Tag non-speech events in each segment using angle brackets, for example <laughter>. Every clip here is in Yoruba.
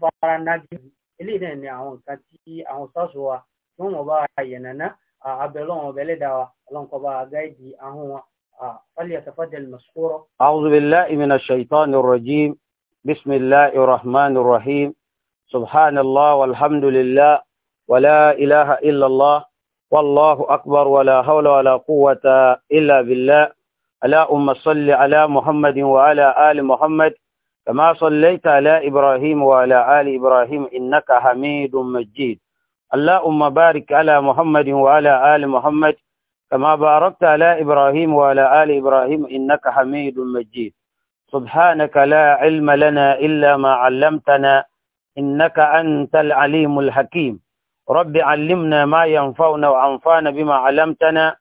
tó fara ná jù eléyìí náà ni àwọn nǹkan tí àwọn sars wa tí wọn mọ bá yẹnana abẹ́lọ́wọ̀n ọ̀bẹ́lẹ́dàá wa ọlọ́nkọ́ bá gáìdì ahọ́n wa فليتفضل مشكورا أعوذ بالله من الشيطان الرجيم بسم الله الرحمن الرحيم سبحان الله والحمد لله ولا إله إلا الله والله أكبر ولا حول ولا قوة إلا بالله ألا أم صل على محمد وعلى آل محمد كما صليت على إبراهيم وعلى آل إبراهيم إنك حميد مجيد اللهم بارك على محمد وعلى آل محمد كما باركت على إبراهيم وعلى آل إبراهيم إنك حميد مجيد سبحانك لا علم لنا إلا ما علمتنا إنك أنت العليم الحكيم رب علمنا ما ينفعنا وأنفعنا بما علمتنا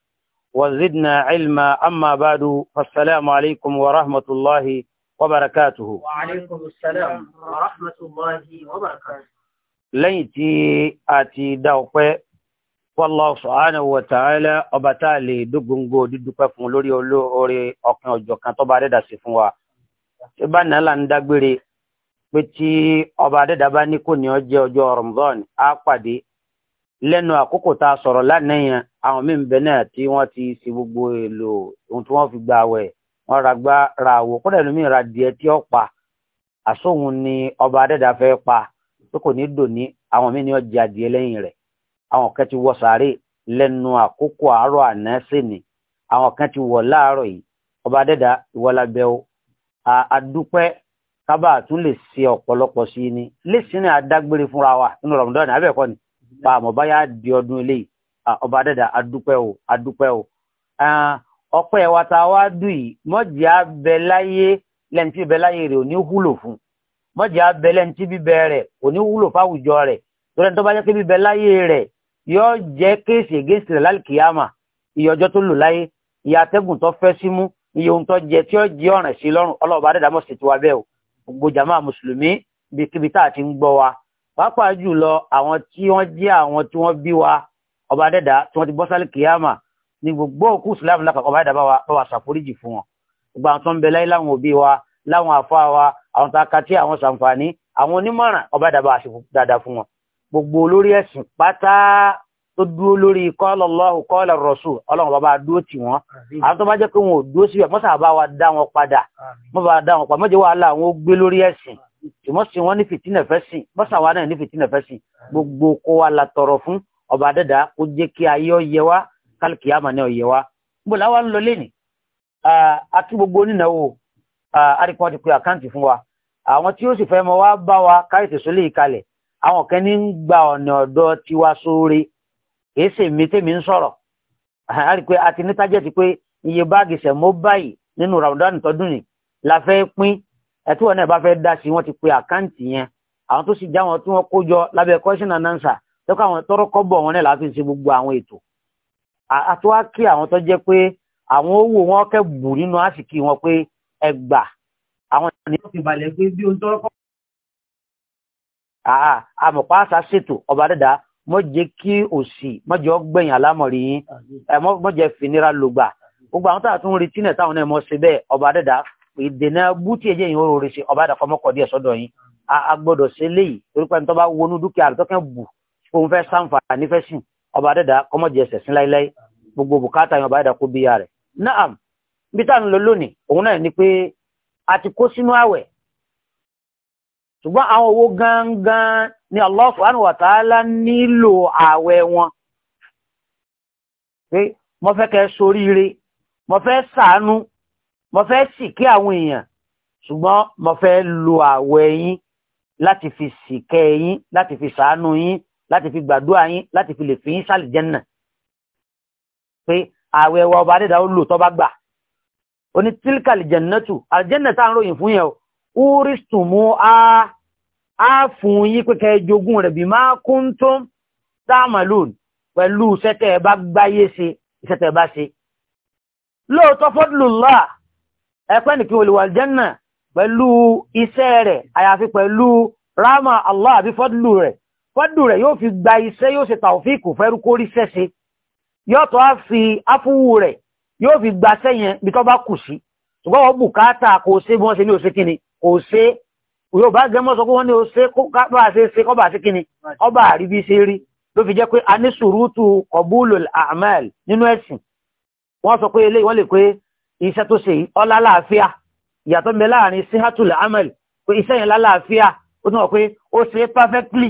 وزدنا علما أما بعد فالسلام عليكم ورحمة الله وبركاته وعليكم السلام ورحمة الله وبركاته lẹ́yìn tí a ti dá ọpẹ́ fọ́lọ́ subhanahu wa ta'ala ọba tá a lè dógóńgó dídúpẹ́ fún lórí olóore ọ̀kan ọ̀jọ̀ kan tọ́ba adẹ́dà sí fún wa tí bá náà là ń dágbére pé tí ọba adẹ́dà bá ní kò ní ọ jẹ́ ọjọ́ Ramadan á pàdé lẹ́nu àkókò tá a sọ̀rọ̀ lánàá yẹn àwọn míì ń bẹ náà tí wọ́n ti ṣe gbogbo èlò ohun tí wọ́n fi gbà wẹ̀ wọn ra gbá ra àwò kódà ẹlòmíì ra díẹ̀ tí ó pa àsóhun ni ọba adẹ́dà fẹ́ pa tó kò ní dòní àwọn míì ni ó jẹ adìẹ lẹ́yìn rẹ̀ àwọn kan ti wọ sàárè lẹ́nu àkókò àárọ̀ àná sẹ́ni àwọn kan ti wọ̀ láàárọ̀ yìí ọba adẹ́dà ìwọlábẹ́ o àdúpẹ́ tún lè ṣe ọ̀pọ̀lọpọ̀ sí ni lẹ́sìn adágbére fúnra wa nínú Ramadan ní abẹ́ẹ̀kọ́ ni pa àmọ́ báyà di ọdún eléyìí ọba adẹ́dà àdúpẹ́ o àdúpẹ́ o ọpẹ́ wa tá a wá dùn yìí mọ́jì á bẹ láyé lẹ́ni tí bẹ láyé rẹ̀ ò ní wúlò fún mọ́jì á bẹ lẹ́ni tí bíbẹ rẹ̀ ò ní wúlò fáwùjọ rẹ̀ torí ẹni tó bá jẹ́ pé bíbẹ láyé rẹ̀ yóò jẹ́ kéèsì ègéèsì rẹ̀ lálùkìyàmà iye ọjọ́ tó lò láyé iye atẹ́gùn tó fẹ́ sí mú iye ohun tó jẹ tí ó jẹ ọ̀ràn sí lọ́rùn ọlọ́ọ̀bá dẹ́dàmọ́ sì ti wá bẹ́ẹ̀ o gbogbo jàmáà mùsùlùmí ibikíbi tá a ti ń gbọ́ wa pàápàá jùlọ àwọn tí wọ́n jẹ́ àwọn tí wọ́n bí wa ọba dẹ́dà tí wọ́n ti bọ́ sálùkìyàmà Ni gbogbo òkú islam lápapọ̀ báyìí dábàá wa wà ṣàforíjì fún wọn gbogbo àwọn tó ń bẹ láyé láwọn òbí wa láwọn àfa wa àwọn tó akatí àwọn ṣàǹfààní àwọn onímọ̀ràn ọba dábàá ṣe dáadáa fún wọn gbogbo olórí ẹ̀sìn pátá tó dúró lórí qala Allahu qala Rasul ọlọ́run bàbá dúró tì wọ́n àwọn tó bá jẹ́ pé wọn ò dúró síbẹ̀ mọ́sà bá wa dá wọn padà mọ́sà dá wọn padà mọ́jẹ́ wàhálà àwọn ó gbé lórí ẹ̀sìn tùmọ̀ wọn ní fìtínà fẹ́ sìn mọ́sà wa náà ní fìtínà fẹ́ sìn gbogbo kó wa la tọrọ fún ọba dẹ́dà kó jẹ́ kí ayé ọ yẹ wá kálíkì àmà ní ọ̀yẹ̀ wa níbo làwa ń lọ lẹ́nì àti gbogbo onínáwó àríkùn ti pe àkáǹtì fún wa àwọn tí ó sì fẹ́ mọ wá bá wa káyọ̀tì sólè kalẹ̀ àwọn kan ní ń gba ọ̀nà ọ̀dọ́ tiwa sóore kì í sì mí tèmi ń sọ̀rọ̀ àríkùn àti ní tájẹ́ ti pé iye báàgì sẹ̀mó báyìí nínú Ramadan tọdún ni la fẹ́ pín ẹtí wọn náà bá fẹ́ dá sí wọn ti pe àkáǹtì yẹn àwọn tó sì já wọn tí wọn kó jọ lábẹ́ question and answer lọ́kọ̀ àwọn tọ́rọ́kọ́ bọ̀ wọn náà láti ṣe gbogbo àwọn ètò àtúwá kí àwọn tó jẹ́ pé àwọn owó wọn kẹ́ bù nínú àsìkí wọn pé ẹgbà àwọn ènìyàn ti balẹ̀ pé bí ohun tó rọ́pọ̀. àmọ̀pá àṣà ṣètò ọba dẹ́dà mọ́ jẹ́ kí òṣì mọ́jọ́ gbẹ̀yìn alámọ̀rí yín mọ́jẹ́ fìnira lògbà gbogbo àwọn táà tún retí náà táwọn náà mọ̀ ṣe bẹ́ẹ̀ ọba dẹ́dà ìdènà bútì ẹ̀jẹ̀ yìí ó rẹ̀ ṣe ọba dàkọ́ mọ́kọ̀ díẹ̀ sọ́dọ̀ yín a gbọ́dọ̀ ṣe léyìí torí pé tó bá wọnú dúkìá rẹ̀ tó kẹ́ bù òun fẹ́ ṣàǹfààní fẹ́ sìn ọba dẹ́dà kọ́mọ̀jì ẹsẹ̀ sí láíláí gbogbo bùkátà yẹn ọba dẹ́dà kó bíyà rẹ̀ naam bí táà lọ lónìí òun náà ni pé a ti kó sínú àwẹ̀ ṣùgbọ́n àwọn owó gangan ni Allah subhanahu wa ta'ala nílò àwẹ̀ wọn pé mo fẹ́ kẹ́ soríire mo fẹ́ sàánú mo fẹ́ sì kí àwọn èèyàn ṣùgbọ́n mo fẹ́ lo àwẹ̀ yín láti fi sì kẹ́ yín láti fi sàánú yín láti fi gbàdúrà yín láti fi lè fi yín sálì jẹ́nà pé ààwẹ̀ wa ọba adẹ́dà ó lò tọ́ bá gbà ó ní tílkàlì jẹ̀nàtù àjẹ́nà tá à ń ròyìn fún yẹn ó rí sùnmù á á fún yín pé kẹ́ jogún rẹ̀ bí máa kún tó táàmàlùn pẹ̀lú sẹ́tẹ̀ bá gbáyé ṣe sẹ́tẹ̀ bá ṣe lóòótọ́ fọ́dúlùlá ẹ̀pẹ́ nìkí iṣẹ́ rẹ̀ àyàfi pẹ̀lú ráàmà Allah àbí fọ́dúlù rẹ̀ fọ́dù rẹ̀ yóò fi gba iṣẹ́ yóò ṣe tàòfíìkù fẹ́rú kó rí sẹ́ṣe yóò tó á fi áfúwù rẹ̀ yóò fi gba sẹ́yẹn bí tọ́ bá kù sí ṣùgbọ́n wọ́n bùkátà kò ṣe bí wọ́n ṣe ní òṣè kíni kò ṣe yóò bá gẹ́mọ́ sọ pé wọ́n ní òṣè bá ṣe ṣe kọ́ bá ṣe kíni ọba àrí bí ṣe rí ló fi jẹ́ pé a ní sùrùtù kọ̀búlò àmàl nínú ẹ̀sìn wọ́n sọ pé eléyìí wọ́n lè pé iṣẹ́ tó ṣe ọlá láàfíà ìyàtọ̀ mẹ́ láàrin síhátùl àmàl pé iṣẹ́ yẹn lálàáfíà ó tún wọ́n pé ó ṣe perfectly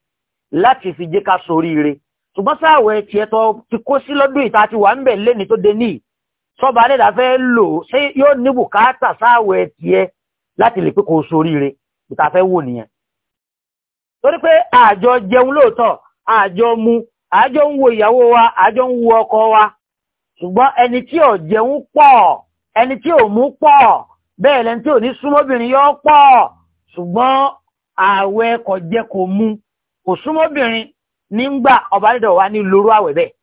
láti fi jẹ́ ká soríire ṣùgbọ́n sáàwẹ̀ tí ẹ̀tọ́ ti kó sí lọ́dún ìta ti wà ń bẹ̀ lẹ́ni tó dé níì sọ́ba alẹ́dà fẹ́ lò ṣé yóò ní bùkátà sáàwẹ̀ tí ẹ láti lè pé kó soríire ìta wò nìyẹn torí pé àjọ jẹun lóòótọ́ àjọ mu àjọ ń wo ìyàwó wa àjọ ń wo ọkọ wa ṣùgbọ́n ẹni tí ò jẹun pọ̀ ẹni tí ò mú pọ̀ bẹ́ẹ̀ lẹni tí ò ní súnmọ́bìnrin yọ pọ̀ ṣùgbọ́n àwẹ̀ kò jẹ kò mu kò súnmọ́bìnrin nígbà ọba dídọ̀ wá ní lóru àwẹ̀ bẹ́ẹ̀.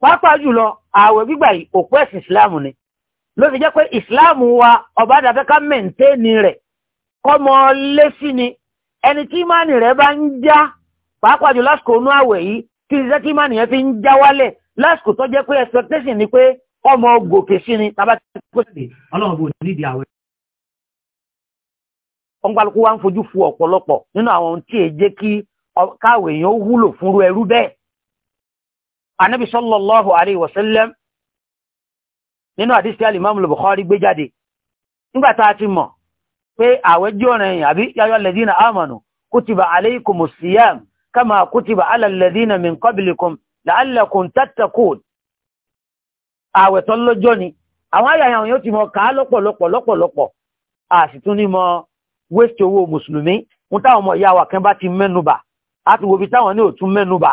pàápàá jùlọ àwẹ̀ gbígbà yìí òpó ẹ̀sìn ìsìláàmù ni ló fi jẹ́ pé ìsìláàmù wa ọba dàbẹ́ ká mẹ́ǹtẹ́ẹ̀nì rẹ̀ kọ́mọ lé sí ni ẹni tí ìmánì rẹ̀ bá ń já pàápàá jùlọ lásìkò inú àwẹ̀ yìí kí iṣẹ́ tí ìmánì yẹn fi ń já wálẹ̀ lásìkò tó jẹ́ pé expectation ni pé ọmọ gòkè sí ni tàbá ti kó sí ọlọ́run bò nídìí àwẹ̀ ọ̀nkálukú wa ń fojú fu ọ̀pọ̀lọpọ̀ nínú àwọn ohun tí è jẹ́ kí káwé èèyàn ó wúlò fúnru ẹrú bẹ́ẹ̀ anabi sallallahu alayhi wa sallam nínú àdísí alìmọ́mù lùbùkọ́rí gbé jáde nígbà tá a ti mọ̀ pé àwẹ̀ jẹ́ ọ̀rẹ́ yìí àbí yáyọ́ lẹ́dínà amanu kútìbà alaykumus siyam kama kútìbà alàlẹ́dínà min qablikum la'allakum tattaqun àwẹ̀ tó lọ́jọ́ ni àwọn ayàyàn yóò ti mọ̀ ká lọ́pọ̀lọpọ̀ lọ́pọ̀lọpọ̀ waste owó mùsùlùmí ń táwọn ọmọ ìyá wa kan bá ti mẹ́nubà á ti wo ibi táwọn ní òtún mẹ́nubà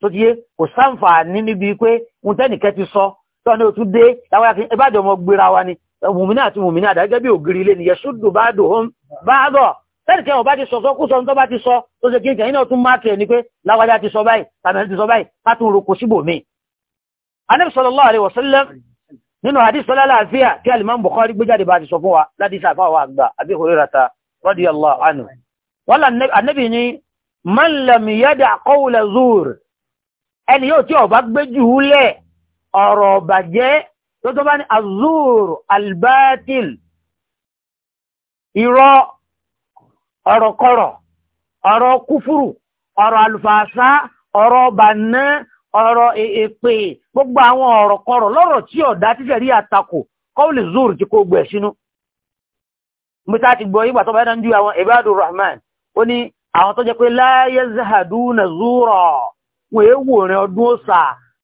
tó ti yé kò sáǹfààní níbi pé ń tẹ́nìkẹ́ ti sọ tó ní òtún dé láwọn akẹ́ ìbàdàn ọmọ gbéra wa ni mùmínà àti mùmínà àdájọ́ bí ògiri ilé nìyẹn ṣùdù bá dò hóm bá dọ̀ tẹ́nìkẹ́ wọn bá ti sọ sọ kú sọ tó bá ti sọ tó ṣe kíkẹ́ iná tún máa tẹ̀ ní pé láwájá ti sọ báyìí tàbí ti sọ báyìí ká tún roko síbò míì. Ànábì sallallahu alaihi wasallam nínú hadith sọlá láàfíà kí alimam Bukhari gbé jáde bá ti sọ fún wa láti sàfà wa àgbà àbí Hurairata radiyallahu anhu wọ́n lè anábì ní man lam yada qawla zuur ẹni yóò tí ọba gbé jùúlẹ̀ ọ̀rọ̀ bàjẹ́ tó tó bá ní azúr albatil irọ́ ọ̀rọ̀kọ̀rọ̀ ọ̀rọ̀ kúfúrù ọ̀rọ̀ alfàṣá ọ̀rọ̀ bàná ọ̀rọ̀ e-, èpè gbogbo àwọn ọ̀rọ̀kọ̀rọ̀ lọ́rọ̀ tí ọ̀dá tíṣẹ̀rí àtakò kọ́wùlì zuur ti kó gbẹ̀ sínú mítà ti gbọ́ ìgbà tó bá dánjú àwọn ibadu rahman ó ní àwọn tó jẹ́ pé la yazhaduna zúrọ̀ wọ́n èé wò rìn ọdún òsà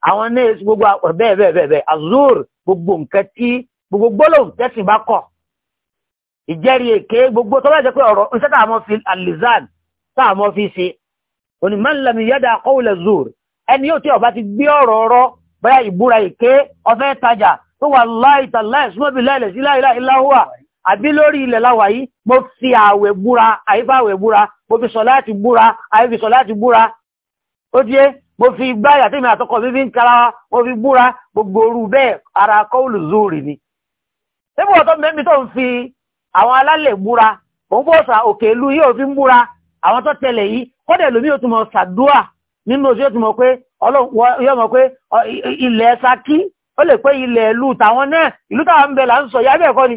àwọn náà èsì gbogbo bẹ́ẹ̀bẹ́ẹ̀bẹ́ẹ̀ azur gbogbo nǹkan tí gbogbo gbólóhùn tẹ́sìn bá kọ̀ ìjẹ́rìí èké gbogbo tó bá jẹ́ pé ọ̀rọ̀ ń sẹ́tà àmọ́ fi alizan sáà mọ́ fi ṣe òní man lam yada qawla zur ẹni yóò tí ó ti gbé ọ̀rọ̀ ọ̀rọ̀ bóyá ìbúra èké ó tajà tó wà láì tàláì súnmọ́bí láìlẹ̀ sí láìláì láhùwà àbí lórí ilẹ̀ láwà yìí mo fi àwẹ̀ búra àyífà àwẹ̀ búra mo fi sọ láti búra àyífi sọ láti búra ó díẹ̀ mo fi gbá ìyàtí mi àtọkọ mi fi ń kara mo fi búra gbogbo orú bẹ́ẹ̀ ara kọ́ọ̀lù zúrì ni níbo ọ̀tọ́ mẹ́mí tó ń fi àwọn alálẹ̀ búra òun kò sà òkè ìlú yóò fi ń búra àwọn tó tẹlẹ̀ yìí kọ́dẹ̀ lómi yóò tún mọ̀ sàdúà nínú oṣù yóò tún mọ̀ pé yóò ilẹ̀ Ṣakí ó lè pé ilẹ̀ ìlú tàwọn náà ìlú táwọn ń bẹ là ń sọ yá bẹ́ẹ̀ kọ́ ni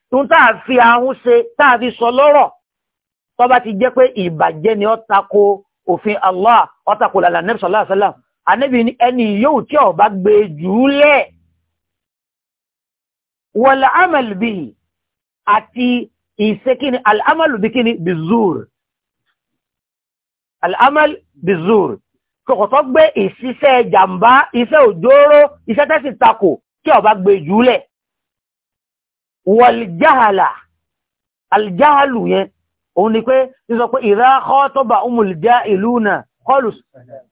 tún tá a fi ahun ṣe tá a fi sọ lọ́rọ̀ tó bá ti jẹ́ pé ìbàjẹ́ ni ó tako òfin Allah ó tako lànà Ànábì sallallahu alaihi wasallam Ànábì ní ẹni yóò tí ó bá gbé jùúlẹ̀ wal amal bihi àti ìsekíni al'amalu bikini bizur al'amal bizur kọ̀kọ̀tọ́ gbé ìṣiṣẹ́ jàmbá iṣẹ́ òjòrò iṣẹ́ tẹ́sì tako kí ó bá gbé jùúlẹ̀ wàlìjáhàlà alìjáhàlù yẹn òun ni pé ní sọ pé ìrákọ́ tó bá umùlìjá ìlú náà kọlùs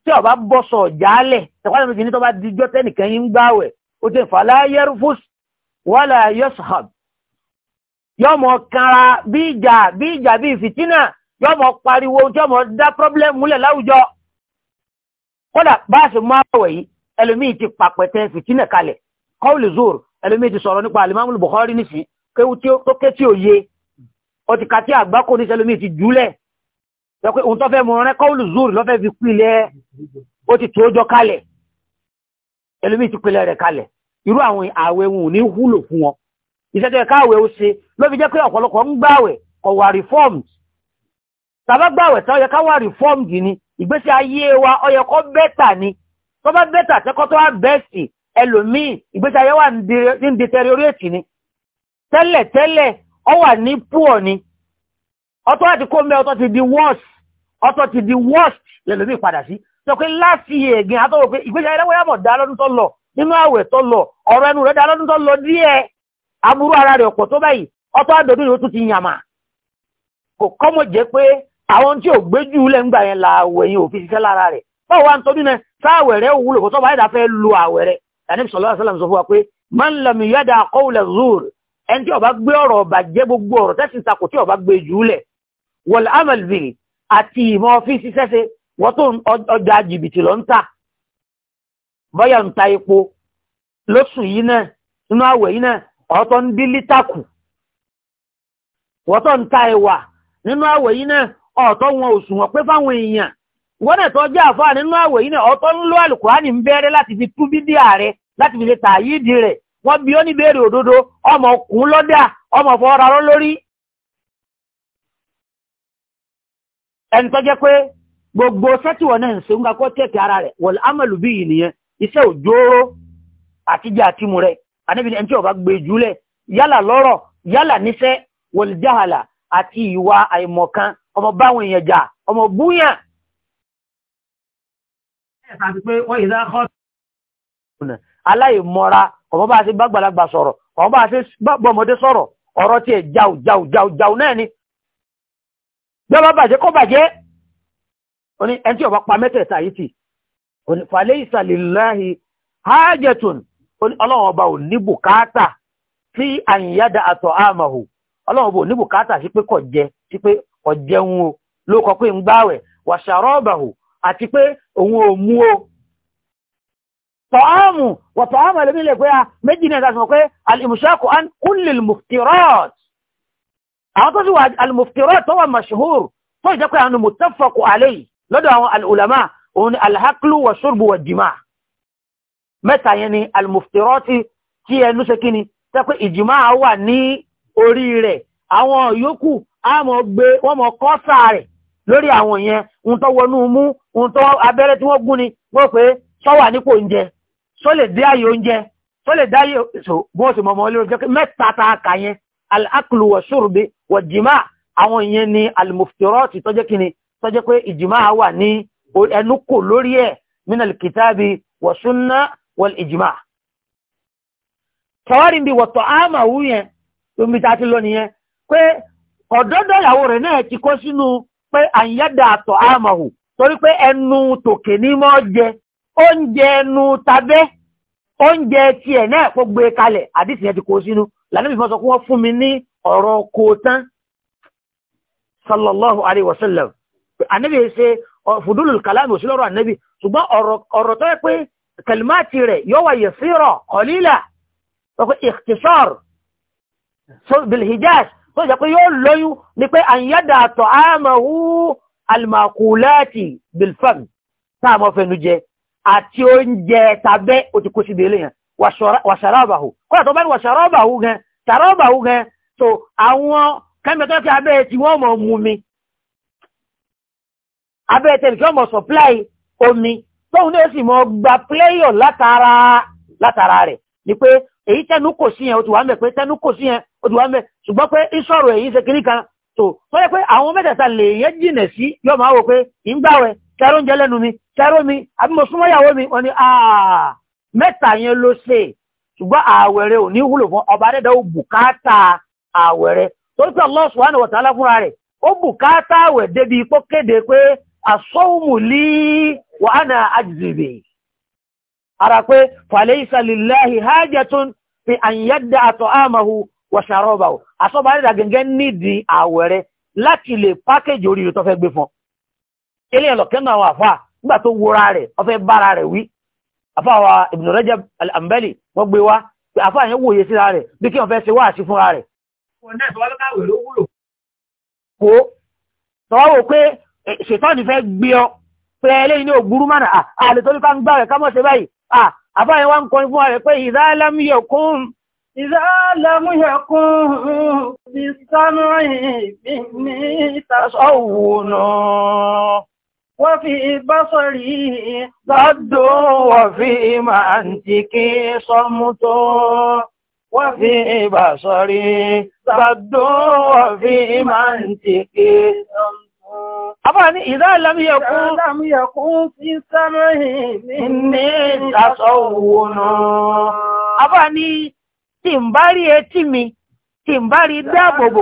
tí ọba bọ́sọ̀ jálẹ̀ tẹ̀kwàlẹ̀ méjì ní tó bá díjọ́ tẹ́nìkan yí ń gbáwẹ̀ ó tẹ́ fàláyẹ́rùfús wàlà yọ́sùhàb yọ́mọ kanra bí ìjà bí ìjà bí ìfìtínà láwùjọ kódà báàsì máa wẹ̀ yìí ẹlòmíì ti pàpẹ̀tẹ̀ fìtínà kalẹ̀ kọ́ọ̀lù zoro ẹlòmíì ti sọ̀rọ̀ nípa alimami Bukhari nìsín kéwú tó ké tí ò yé ọtí kàtí àgbákò ní ẹlòmíì ti júlẹ̀ pé òun tó fẹ́ mọ rẹ́ kọ́ọ̀lù zúrù lọ́fẹ́ fi pilẹ̀ ó ti tó jọ kalẹ̀ ẹlòmíì ti rẹ̀ kalẹ̀ irú àwọn àwẹ̀ wọn ní wúlò fún wọn iṣẹ́ káwẹ̀ ó ṣe ló jẹ́ pé ọ̀pọ̀lọpọ̀ ń gbàwẹ̀ kò wà reformed tàbá gbàwẹ̀ tó yẹ káwà reformed ni ìgbésí ayé wa ó yẹ bẹ́tà ni tó bẹ́tà tẹ́kọ́ tó wá bẹ́ẹ̀sì ẹlòmíì ìgbésí ayé wà ní deteriorate ni tẹ́lẹ̀ tẹ́lẹ̀ ọ wà ní poor ni ọtọ́ àti kómẹ́ ọtọ́ ti di worst ọtọ́ ti di worst lẹ́lòmíì padà sí pé last year gan atọ́wọ́ pé ìgbésí ayé lẹ́wọ́ dá lọ́dún tó lọ nínú àwẹ̀ tó lọ ọ̀rọ̀ ẹnu rẹ̀ dá lọ́dún lọ díẹ̀ aburú ara rẹ̀ ọ̀pọ̀ tó báyìí ọtọ́ àdọ̀dún yóò tún ti yàmà kò kọ́mọ̀ jẹ́ pé àwọn tí ò gbé jù lẹ́ngbà yẹn la yẹn ṣiṣẹ́ lára rẹ̀ báwo ń tọ́jú náà sáàwẹ̀ rẹ̀ kò ànábì sallallahu alaihi wasallam sọ fún wa pé man lam yada qawla zuur ẹni tí ó bá gbé ọ̀rọ̀ bàjẹ́ gbogbo ọ̀rọ̀ tẹ́sìn takò tí ó bá gbé jùlẹ̀ wal amal bihi àti ìmọ̀ ọ́fíìsì sẹ́sẹ́ wọ́n tó ọjà jìbìtì lọ ń tà bọ́yà ń ta epo lóṣù yìí náà nínú àwẹ̀ yìí náà ọ̀tọ̀ ń dín lítàkù wọ́n tó ń ta ẹ̀wà nínú àwẹ̀ yìí náà ọ̀tọ̀ wọn òṣùwọ̀n pé fáwọn èèyàn wọ́n ẹ̀tọ́ jẹ́ àfáà nínú àwẹ̀ yìí ọ̀tọ́ ń bẹ̀rẹ̀ láti fi tú bídí láti fi rẹ̀ wọ́n bí ó ní béèrè òdodo ọmọ lọ́dà ọmọ fọ́ra lórí. ẹni gbogbo sẹ́tìwọ̀n náà ń ń ga ara rẹ̀ wọ́n bí yìí nìyẹn iṣẹ́ òjòòrò àtijọ́ rẹ̀ ẹni tí ọba gbé jùlẹ̀ ọmọ báwọn ọmọ àti pé wọ́n ìdá kọ́ aláìmọ́ra ọmọ bá ṣe bágbàlagbà sọ̀rọ̀ ọmọ bá ṣe bọ́mọdé sọ̀rọ̀ ọ̀rọ̀ tí ẹ̀ jau jau jau jau náà ni gbọ́bá bàjẹ́ kọ́ bàjẹ́ oní ẹn tí ọba pa mẹ́tẹ̀ẹ̀ta yìí ti oní falẹ́ ìsàlìláhi hajjatun ọlọ́run ọba ò ní bùkátà sí àyíyádà àtọ̀ àmàhù ọlọ́run ọba ò ní bùkátà sí pé kọ̀ jẹ sí pé ọ̀jẹun o ló kọ pé ń gbáwẹ̀ wàṣàrọ̀ àti pé òun ò mú o tọ́ọ̀mù wà tọ́ọ̀mù ẹlòmí lè pé a méjì náà dáṣọ pé alìmùsáàkù an kúlè muftirot àwọn tó sì wà alìmuftirot tó wà mashhur tó ìjẹ́ pé àwọn mutafakù alẹ́ lọ́dọ̀ àwọn al'ulama òun alhaklu wa ṣurbu wa jima mẹ́ta yẹn ni alìmuftirot tí ẹnu ṣe kíni tẹ́ pé ìjìmá wà ní orí rẹ̀ àwọn yòókù á mọ̀ gbé wọ́n mọ̀ kọ́ sáà rẹ̀ lórí àwọn yẹn ń tọ́ wọnú mú ń tọ́ abẹ́rẹ́ tí wọ́n gún ni wọ́n pé sọ́wà nípò oúnjẹ só lè dé ààyè oúnjẹ só lè dáyé èso bí wọ́n sì mọ̀mọ́ olóró jẹ́ mẹ́ta ta kà yẹn al-aklu wa shurbi wa jima' àwọn yẹn ni al-muftirati tọ́jẹ́ kí ni tọ́jẹ́ pé ìjìmá wà ní ẹnu kò lórí ẹ̀ min al-kitabi wa sunna wal tọ́wárí bí wọ̀tọ̀ ámà wú yẹn omi ta ti lọ nìyẹn pé ọ̀dọ́dọ̀ ìyàwó rẹ̀ náà ti kó sínú pé àyẹ́dà àtọ̀ àmàhù torí pé ẹnu tòkè ní mọ́ jẹ oúnjẹ ẹnu tabẹ́ oúnjẹ tiẹ̀ náà kó gbé kalẹ̀ àdìsí ẹ ti kó sínú lànàbí fọ́sọ kí wọ́n fún mi ní ọ̀rọ̀ kó tán sallallahu alaihi wasallam. sallam ànábì fudulul kalami òsì lọ́rọ̀ ànábì ṣùgbọ́n ọ̀rọ̀ tó yẹ pé kalimati rẹ̀ yóò wà yẹ̀sírọ̀ kọ̀lílà tó jẹ́ pé yóò lóyún ni pé àyẹ́dà àtọ̀ àmàwú alìmàkùláàtì bilfam táàmọ́ fẹ́nu jẹ àti oúnjẹ tàbẹ́ ó ti kó sí ilé yẹn wàṣàrọ́bàhù kọ́nà tó bá ní wàṣàrọ́bàhù gan ṣàrọ́bàhù gan so àwọn kẹ́mẹ́tọ́ kí abẹ́ ti wọ́n mọ̀ mú mi abẹ́ tẹ̀lé kí wọ́n mọ̀ supply omi tóun náà sì mọ̀ gba pléyọ̀ látara látara rẹ̀ ni pé èyí tẹnu kò sí yẹn ó ti wà ń bẹ̀ pé tẹnu kò sí yẹn ó ti wà ń ṣùgbọ́n pé ìṣọ̀rọ̀ èyí ṣe kiri kan tó tó yẹ pé àwọn mẹ́tẹ̀ẹ̀ta lè yẹn jìnà sí yọ máa wò pé ìgbàwẹ̀ kẹrọ oúnjẹ lẹ́nu mi kẹrọ mi àbí mo súnmọ́ ìyàwó mi wọn ni mẹ́ta yẹn ló ṣe ṣùgbọ́n àwẹ̀rẹ̀ ò ní wúlò ọba bùkátà àwẹ̀rẹ̀ wọ̀ṣàrọ̀ bàwọ̀ àsọ́bà rẹ̀ gẹ́gẹ́ nídìí àwẹ̀ rẹ̀ láti lè pákéjì oríire tó fẹ́ gbé fún ilé ọ̀lọ̀kẹ́nà àwọn àfáà nígbà tó wúra rẹ̀ ọfẹ́ bára rẹ̀ wí àfáà wa Ibn Rajab al-Hanbali wọ́n gbé wá àfáà yẹn wòye síra rẹ̀ bí kí wọ́n fẹ́ ṣe wáàsí fúnra rẹ̀ kó tọ́wọ́ pé eh, ṣètọ́ni fẹ́ gbé ọ pé eléyìí ní ògbúrú mánà àlè tó ní ká ń gbá rẹ̀ ká mọ́ ṣe báyìí àfáà yẹn wá ń kọrin fúnra rẹ̀ pé ìdá lámìyàn kún إذا لم يكن بالسمع مني تصون وفي بصري ضد وفي منطقي صمت وفي بصري ضد وفي منطقي صمت Àbá ní ìdá ìlàmíyẹ̀kún fi sẹ́mẹ́hìn ní ìtàṣọ́ òwò náà. Àbá ní tí ń bá rí etí mi tí ń bá rí dáàbòbò.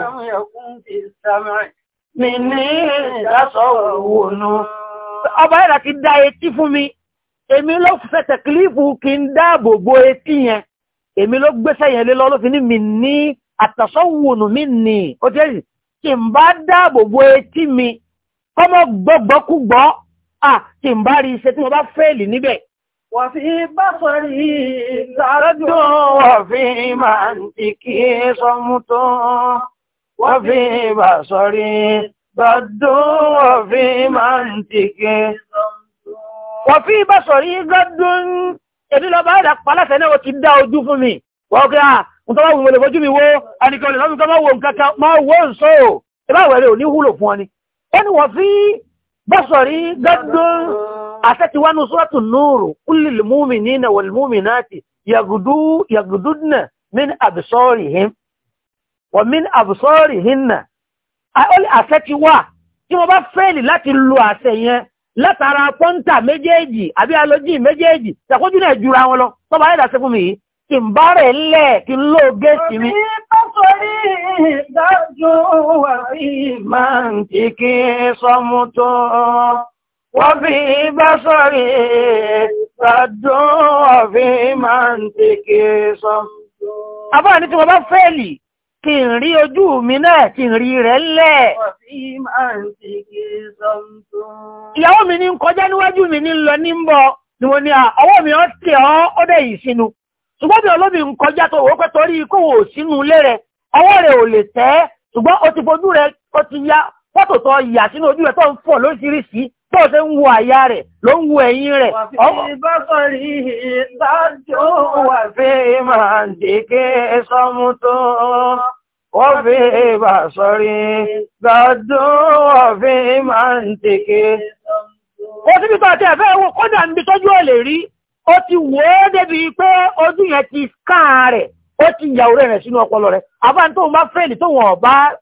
mi ọba ẹ̀dà ti da etí fún mi èmi ló fẹ́ tẹ̀kílífù kí n dáàbòbò etí yẹn èmi ló gbéṣẹ́ yẹn lé lọ ló fi ní mi ní àtàsọ́wònú mi nì ó ti rí tí ń bá dáàbòbò etí mi kọ́mọ gbọ́gbọ́kúgbọ́ à tí ń bá rí iṣẹ́ tí mo bá fẹ́ẹ̀lì níbẹ̀. وفي بصري سرد وفي منطقي صمت وفي بصري ضد وفي منطقي وفي بصري ضد èdè lọ bá ẹ̀dà pàlásẹ̀ náà wọ́n ti dá ojú fún mi wọ́n kí á ń tọ́wọ́ òun olè fojú mi wó ẹnikẹ́ olè lọ́dún tó máa wò ń wó ń sọ àtẹ́tí wánú sọ́tún núurù kullil mu'minina wal mu'minati yagududna min absorihim wa min absorihinna àtẹ́tí wà tí wọ́n bá fẹ́ẹ̀lì láti lo àṣẹ yẹn látara pọ́ńtà méjèèjì àbí alójì méjèèjì ṣàkójú náà jura wọn lọ tọ́ba ayédàṣẹ́ fún mi yìí kí n bá rẹ̀ kí n ló géètì mi. Òbí tó sọrí وفي بصري صد وفي منطقي صمت Àbá ní tí wọ́n bá fẹ́ẹ̀lì kí n rí ojú mi náà kí n rí rẹ̀ lẹ̀. Ìyàwó mi ní kọjá níwájú mi ni wọ́n ní ọwọ́ mi ọ́ tẹ̀ ọ́ ó dẹ̀ yìí sínú. Ṣùgbọ́n bí olómi ń kọjá tó wọ́n pẹ́ torí kó wò sínú ilé ọwọ́ rẹ̀ ò lè tẹ́ ṣùgbọ́n o ti fojú rẹ̀ ó ti ya fọ́tò tó yà sínú ojú rẹ̀ tó ń fọ̀ lóríṣiríṣi bọ́ ṣe ń wo àyà rẹ̀ ló ń wo ẹ̀yìn rẹ̀ Wọ́n fi ìbà sọ́rí gbádùn wọ́n fi máa ń Ó ti bí tọ́tí ẹ̀fẹ́ owó kọ́dà níbi tọ́jú ò rí, ó ti wò débi pé ojú yẹn ti káà rẹ̀, ó ti yàwó rẹ̀ sínú ọpọlọ rẹ̀. Àbá tó ń bá fẹ́ẹ̀lì tó wọ̀n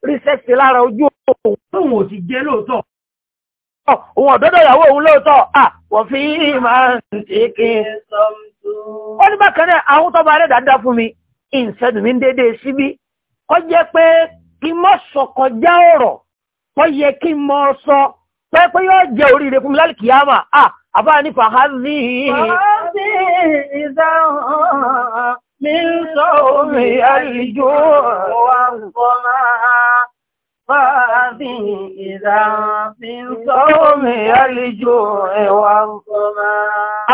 rí sẹ́sì lára ojú òun tó ò sì jẹ́ lóòótọ́. Oh, òun ọ̀dọ́dọ̀ ìyàwó òun lóòótọ́ à wọ́n fi máa ń tèké ó ní bákan náà àwọn tọ́ba rẹ̀ dáadáa fún mi ìǹsẹ̀dùn mi ń déédéé síbí kọ́ jẹ́ pé kí n mọ́ sọ ọ̀rọ̀ kọ́ yẹ kí n mọ́ sọ pé pé yóò jẹ́ oríire fún mi lálùkìyàmà à àbá ní fàhásì ìdáhùn mi ń sọ omi àlejò wọn kọ́ máa. فهذه إذا من صوم الجوع والظما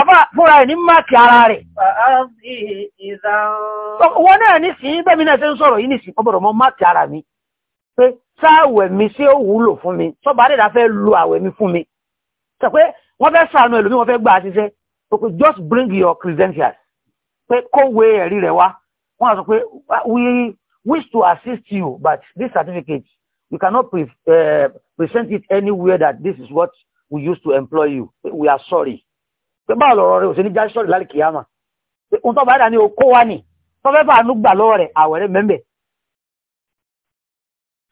Àbá fúnra ẹ̀ ní máàkì ara rẹ̀. Fàáàzì ìdáhùn. Wọ́n náà ní sí bẹ́mi náà ṣe ń sọ̀rọ̀ yìí nìsí kọ́bọ̀rọ̀ mọ́ máàkì ara mi. Pé sáàwẹ̀ mi sí ó wúlò fún mi, Sọ to assist you but this You cannot pre uh, present it anywhere that this is what we used to employ you. We are sorry. Pé báwo lọ̀rọ̀ rẹ̀ òsè ní já sọ̀rọ̀ lálẹ́ kìíyàmà. ohun tó bá dà ní okó wá nì. Tọ́fẹ́ bá àánú gbà lọ́wọ́ rẹ̀ àwẹ̀ rẹ̀ mẹ́mẹ́.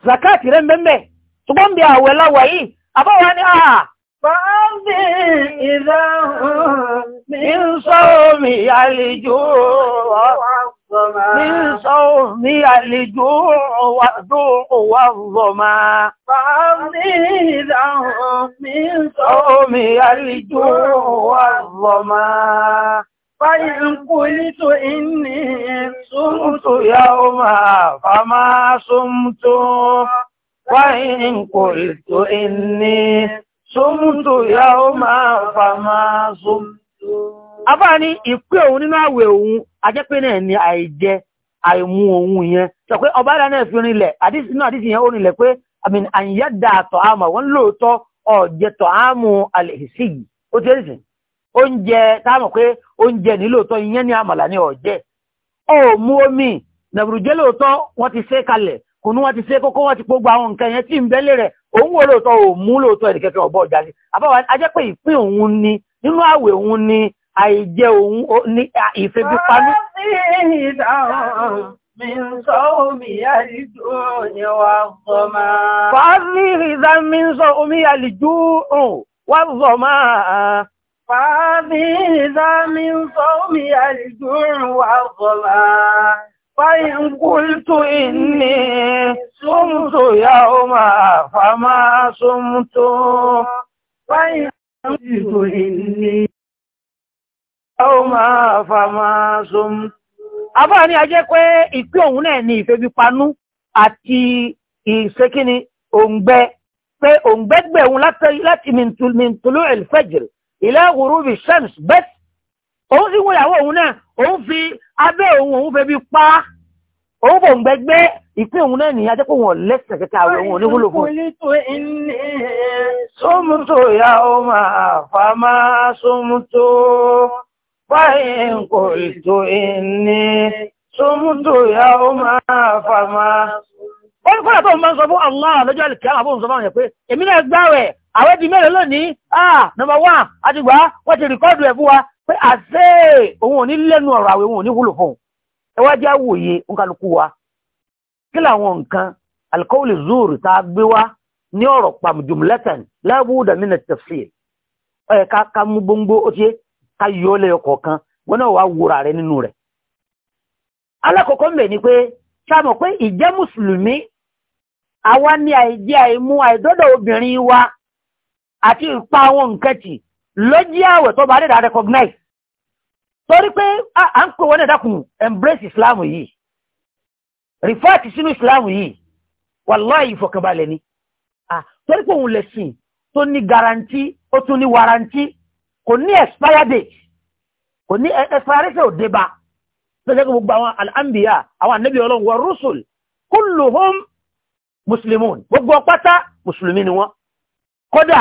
Zakat rẹ̀ mẹ́mẹ́. Ṣùgbọ́n bí àwẹ̀ láwọ̀ yìí, àbáwọ̀ ni àà. Fáàbí ìdáhùn ní sọ́ọ̀mì àlejò ọ̀wọ́. Ní فأمضي الجوع والجوع والظما فأمضي لهم من صومي الجوع والظما فإن قلت إني صمت يوما فما صمت وإن قلت إني صمت يوما فما صمت. Abá ní ìpé òun nínú àwẹ̀ òun, ajẹ́pẹ́ náà ni àìjẹ àìmú ohun yẹn sọ pé ọba ìlànà ẹ̀ fi rinlẹ̀ àdísì náà àdísì yẹn pé àmì àyẹ̀dà àtọ̀ àmọ̀ wọn lóòótọ́ ọ̀jẹ̀ tọ̀ àmọ̀ àlèhìsí yìí ó ti rí sìn oúnjẹ táàmọ̀ pé oúnjẹ ní lóòótọ́ ìyẹn ní àmàlà ní ó mú omi nàbùrùjẹ́ lóòótọ́ ti kalẹ̀ kùnú ti kókó ti àwọn nǹkan yẹn tí ń bẹ́lẹ̀ ni nínú àwẹ̀ òun àìjẹ́ òun ní ìfẹ́bípanú. Fàárí ìdá mi ń sọ omi àlìjú òun wá zọ máa. Fàárí ìdá mi ń sọ omi àlìjú òun wá zọ máa. فإن قلت إني صمت يوما فما صمت فإن قلت إني ó máa fa máa sọm. a jẹ́ pé ìpín òun náà ni ìfẹ́bípanú àti ìṣekíni òǹgbẹ pé òǹgbẹ gbẹ̀ òun láti mìntúlú ẹ̀lfẹ́jìrì ilẹ̀ ìwòrú bí shams bẹ́t. Òun sì wọ́n òun náà, òun fi abẹ́ òun òun fẹ́ فإن قلت إني صمت يوما فما Wọ́n fọ́nà tó máa ń sọ fún Allah lọ́jọ́ ìlẹ̀kẹ́ àwọn òun sọ fáwọn ẹ̀pẹ́, èmi náà gbààwẹ̀, àwẹ̀ di mẹ́rin lónìí, ah, nọmba wà, a ti gbà á, wọ́n ti rìkọ́dù ẹ̀ fún wa, pé àṣẹ òun ò ní lẹ́nu ọ̀rọ̀ àwẹ̀ òun ò ní wúlò fún un. Ẹ wá jẹ́ àwòye òǹkàlùkù wa. Kí làwọn nǹkan alikọ́wùlì zuur tá a gbé wá ní ọ̀rọ̀ pàmùjùmùlẹ́tàn lábúdàmínà tafsir. Ó yẹ ká ká mú gbóngbó ó ti ká yọ lẹ́yọ kọ̀ọ̀kan wọn náà wá wúra rẹ nínú rẹ̀ alákọ̀ọ́kọ́ ń bẹ̀ ni pé ṣáàmọ̀ pé ìjẹ́ mùsùlùmí àwa ni àìjẹ́ àìmú àìdọ́dọ̀ obìnrin wa àti ìpa àwọn nǹkan tì lọ́jí àwẹ̀ tó bá dẹ̀ recognize torí pé à ń pè wọ́n dẹ̀ embrace Islam yìí rìfáàtì sínú Islam yìí wàláì ìfọ̀kànbalẹ̀ ni torí pé òun lẹ̀sìn tó ní guarantee, ó tún ní waranti kò ní expire date kò ní eh, expiration ò débá lọ́jọ́ kí gbogbo àwọn al'ambiya àwọn annabi ọlọ́run wa rusul kulluhum muslimun gbogbo pátá musulmi ni wọ́n kódà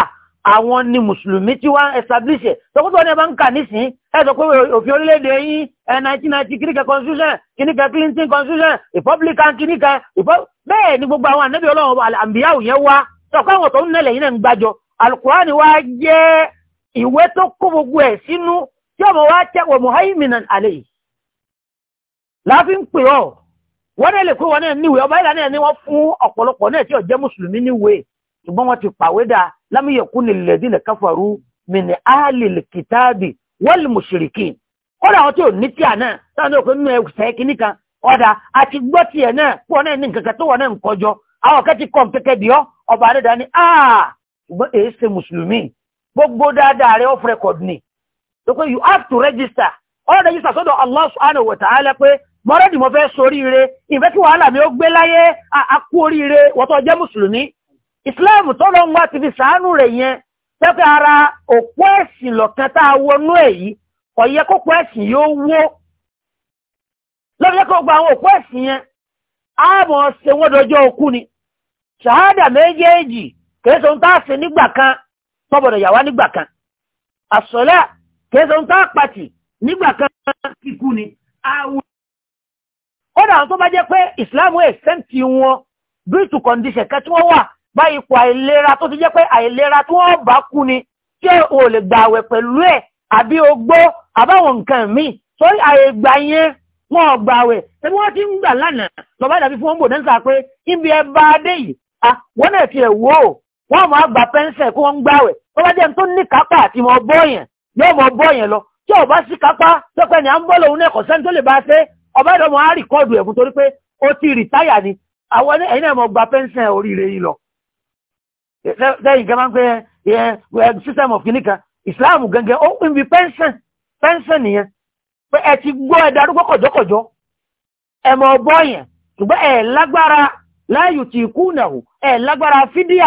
àwọn ni musulmi tí wọ́n establish tọkútọ́ ní ẹbá ń kà nísìn ẹ̀sọ̀ pé òfin orílẹ̀-èdè yìí 1990 kìníkà constitution kìníkà clinton constitution republican kìníkà bẹ́ẹ̀ ni gbogbo àwọn annabi ọlọ́run al'ambiya yẹn wá tọ́kọ́ àwọn tó ń nẹ́lẹ̀ yìí náà ń gbàjọ alkùránì wá jẹ́ ìwé tó kó gbogbo ẹ̀ sínú tí ọmọ wa jẹ́wọ̀ muhaiminan alayhi láàfin pè ọ́ wọ́n wọn ọba ìlànà ni wọ́n fún ọ̀pọ̀lọpọ̀ náà tí ó mùsùlùmí níwèé ṣùgbọ́n ti pàwédà lam yakunil ladina kafaru min ahlil kitabi wal tí ò ní tíà náà táwọn náà kò kínní kan ọ̀dà àti gbọ́ tiẹ̀ náà wọn ní nǹkan tó wọn náà ń àwọn ti kọ́ gbogbo dáadáa rẹ̀ off record ni tó pé you have to register all register sọ́dọ̀ Allah subhanahu wa ta'ala pé mọ́rẹ́dì mo fẹ́ soríire ìfẹ́ kí wàhálà mi ó gbé láyé àkú oríire wọ́tọ́ jẹ́ Islam tọ́lọ́ ń wá ti fi sàánú rẹ̀ yẹn tẹ́fẹ́ ara òpó ẹ̀sìn lọ̀kan tá a wọnú ẹ̀ yìí ọ̀yẹ́ ẹ̀sìn yóò wó kó gba àwọn òpó ẹ̀sìn yẹn ni méjèèjì tá a nígbà kan tọ́bọ̀dọ̀ yà wá nígbà kan àsọ̀lá kẹsàn tá pàtì nígbà kan kíkú ni àwọn ọ̀dà àwọn tó bá jẹ́ pé Islam wẹ̀ sẹ́ǹtì wọn bíìtù kọ̀ǹdíṣẹ̀ kẹ́ tí wọ́n wà bá ipò àìlera tó ti jẹ́ pé àìlera tí wọ́n bá kú ni tí o lè gbà àwẹ̀ pẹ̀lú ẹ̀ àbí ogbó àbáwọn nǹkan míì sórí àìgbà yẹn wọn ò gbà àwẹ̀ tí wọ́n ti ń gbà lánàá lọ́ba fún wọn bò dẹ́nsà pé ibi ẹ bá dé yìí wọ́n náà ti ẹ̀ wò ó wọ́n mọ̀ àgbà pẹ́ńsẹ̀ kí wọ́n ń bá jẹ́ tó ní kápá àti yóò lọ tí ọba sí kápá tọ́pẹ́ ni à ń bọ́ lòun náà kọ̀sẹ́ni tó lè bá ṣe ọba ìdánwò á ni àwọn ẹ̀yin náà gba pẹ́ńsẹ̀ oríire yìí lọ. máa ń pẹ́ Islam gẹ́gẹ́ ó ń pẹ́ńsẹ̀ nìyẹn ẹ ti gbọ́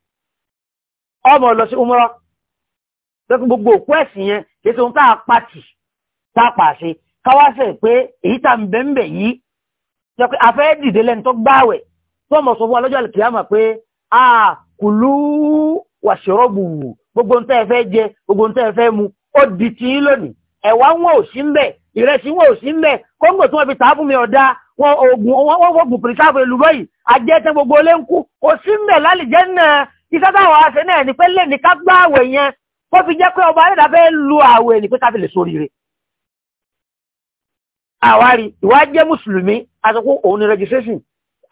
ọmọ lọ sí umrọ lọ́kùn gbogbo òkú ẹ̀sìn yẹn kí tó ń tá a pàtì tá a pàṣẹ káwáṣẹ̀ pé èyí tá ń bẹ̀m̀bẹ̀ yìí jẹ́ pé afẹ́ dìde lẹ́ni tó gbáwẹ̀ tó mọ̀ sọ fún alọ́jọ́ àlùkìyàmà pé a kùlú wàṣọ́rọ́bù gbogbo ń tẹ́ ẹ fẹ́ jẹ gbogbo ń tẹ́ ẹ fẹ́ mu ó di ti yín lónìí ẹ̀wà wọn ò sí ń bẹ̀ ìrẹsì wọn ò sí ń bẹ̀ kóńgò tí wọ́n fi tàá fún mi ọ̀dá wọn oògùn wọn oògùn pìrìsáàfù èlùbọ́ yìí ajẹ́ tẹ gbogbo olé ń kú kò sí ń bẹ̀ lálìjẹ́ náà iṣẹ́ táwọn aṣẹ náà ni pé lè ní ká gbá àwẹ̀ yẹn kó fi jẹ́ pé ọba alẹ́dàá fẹ́ lu àwẹ̀ ní pé ká fi lè sórí rẹ̀ àwárí ìwà jẹ́ mùsùlùmí aṣọ́kú òun ni registration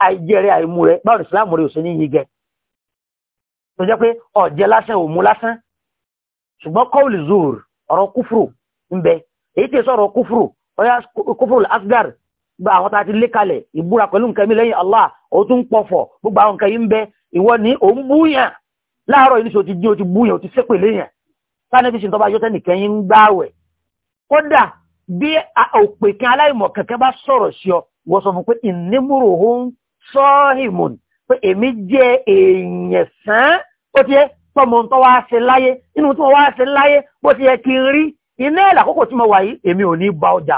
àìjẹrẹ àìmú rẹ báwọn ìsìláàmù rẹ ò sí ní yígẹ tó jẹ́ pé ọ̀jẹ́ lásán ò mú lásán ṣùgbọ́n kọ́ọ̀lì zuur ọ̀rọ̀ kúfùrù ń bẹ èyí tí sọ̀rọ̀ kúfùrù ọ̀yá kúfùrù asgar gba àwọn tá a ìbúra pẹ̀lú nǹkan mi lẹ́yìn Allah ó tún pọ̀fọ̀ gbogbo àwọn nǹkan yìí ń bẹ ìwọ ni ò ń búyàn láàárọ̀ ìníṣẹ́ ti jí o ti búyàn o ti sépèlé yàn sánẹ́bí ṣe tọ́ba yọ́tẹ́ nìkan yín ń gbáwẹ̀ kódà bí òpèkín aláìmọ̀ kẹ̀kẹ́ bá sọ̀rọ̀ sí ọ wọ́n sọ fún pé ìnímúrò ó ń sọ́ọ̀hìmùn pé èmi jẹ́ èèyàn sán ó ti yẹ tọmọ tó wá ṣe láyé inú tí mo wá ṣe láyé bó ti yẹ kí n rí iná ẹ̀ làkókò tí mo wà yìí èmi ò ní bá ọjà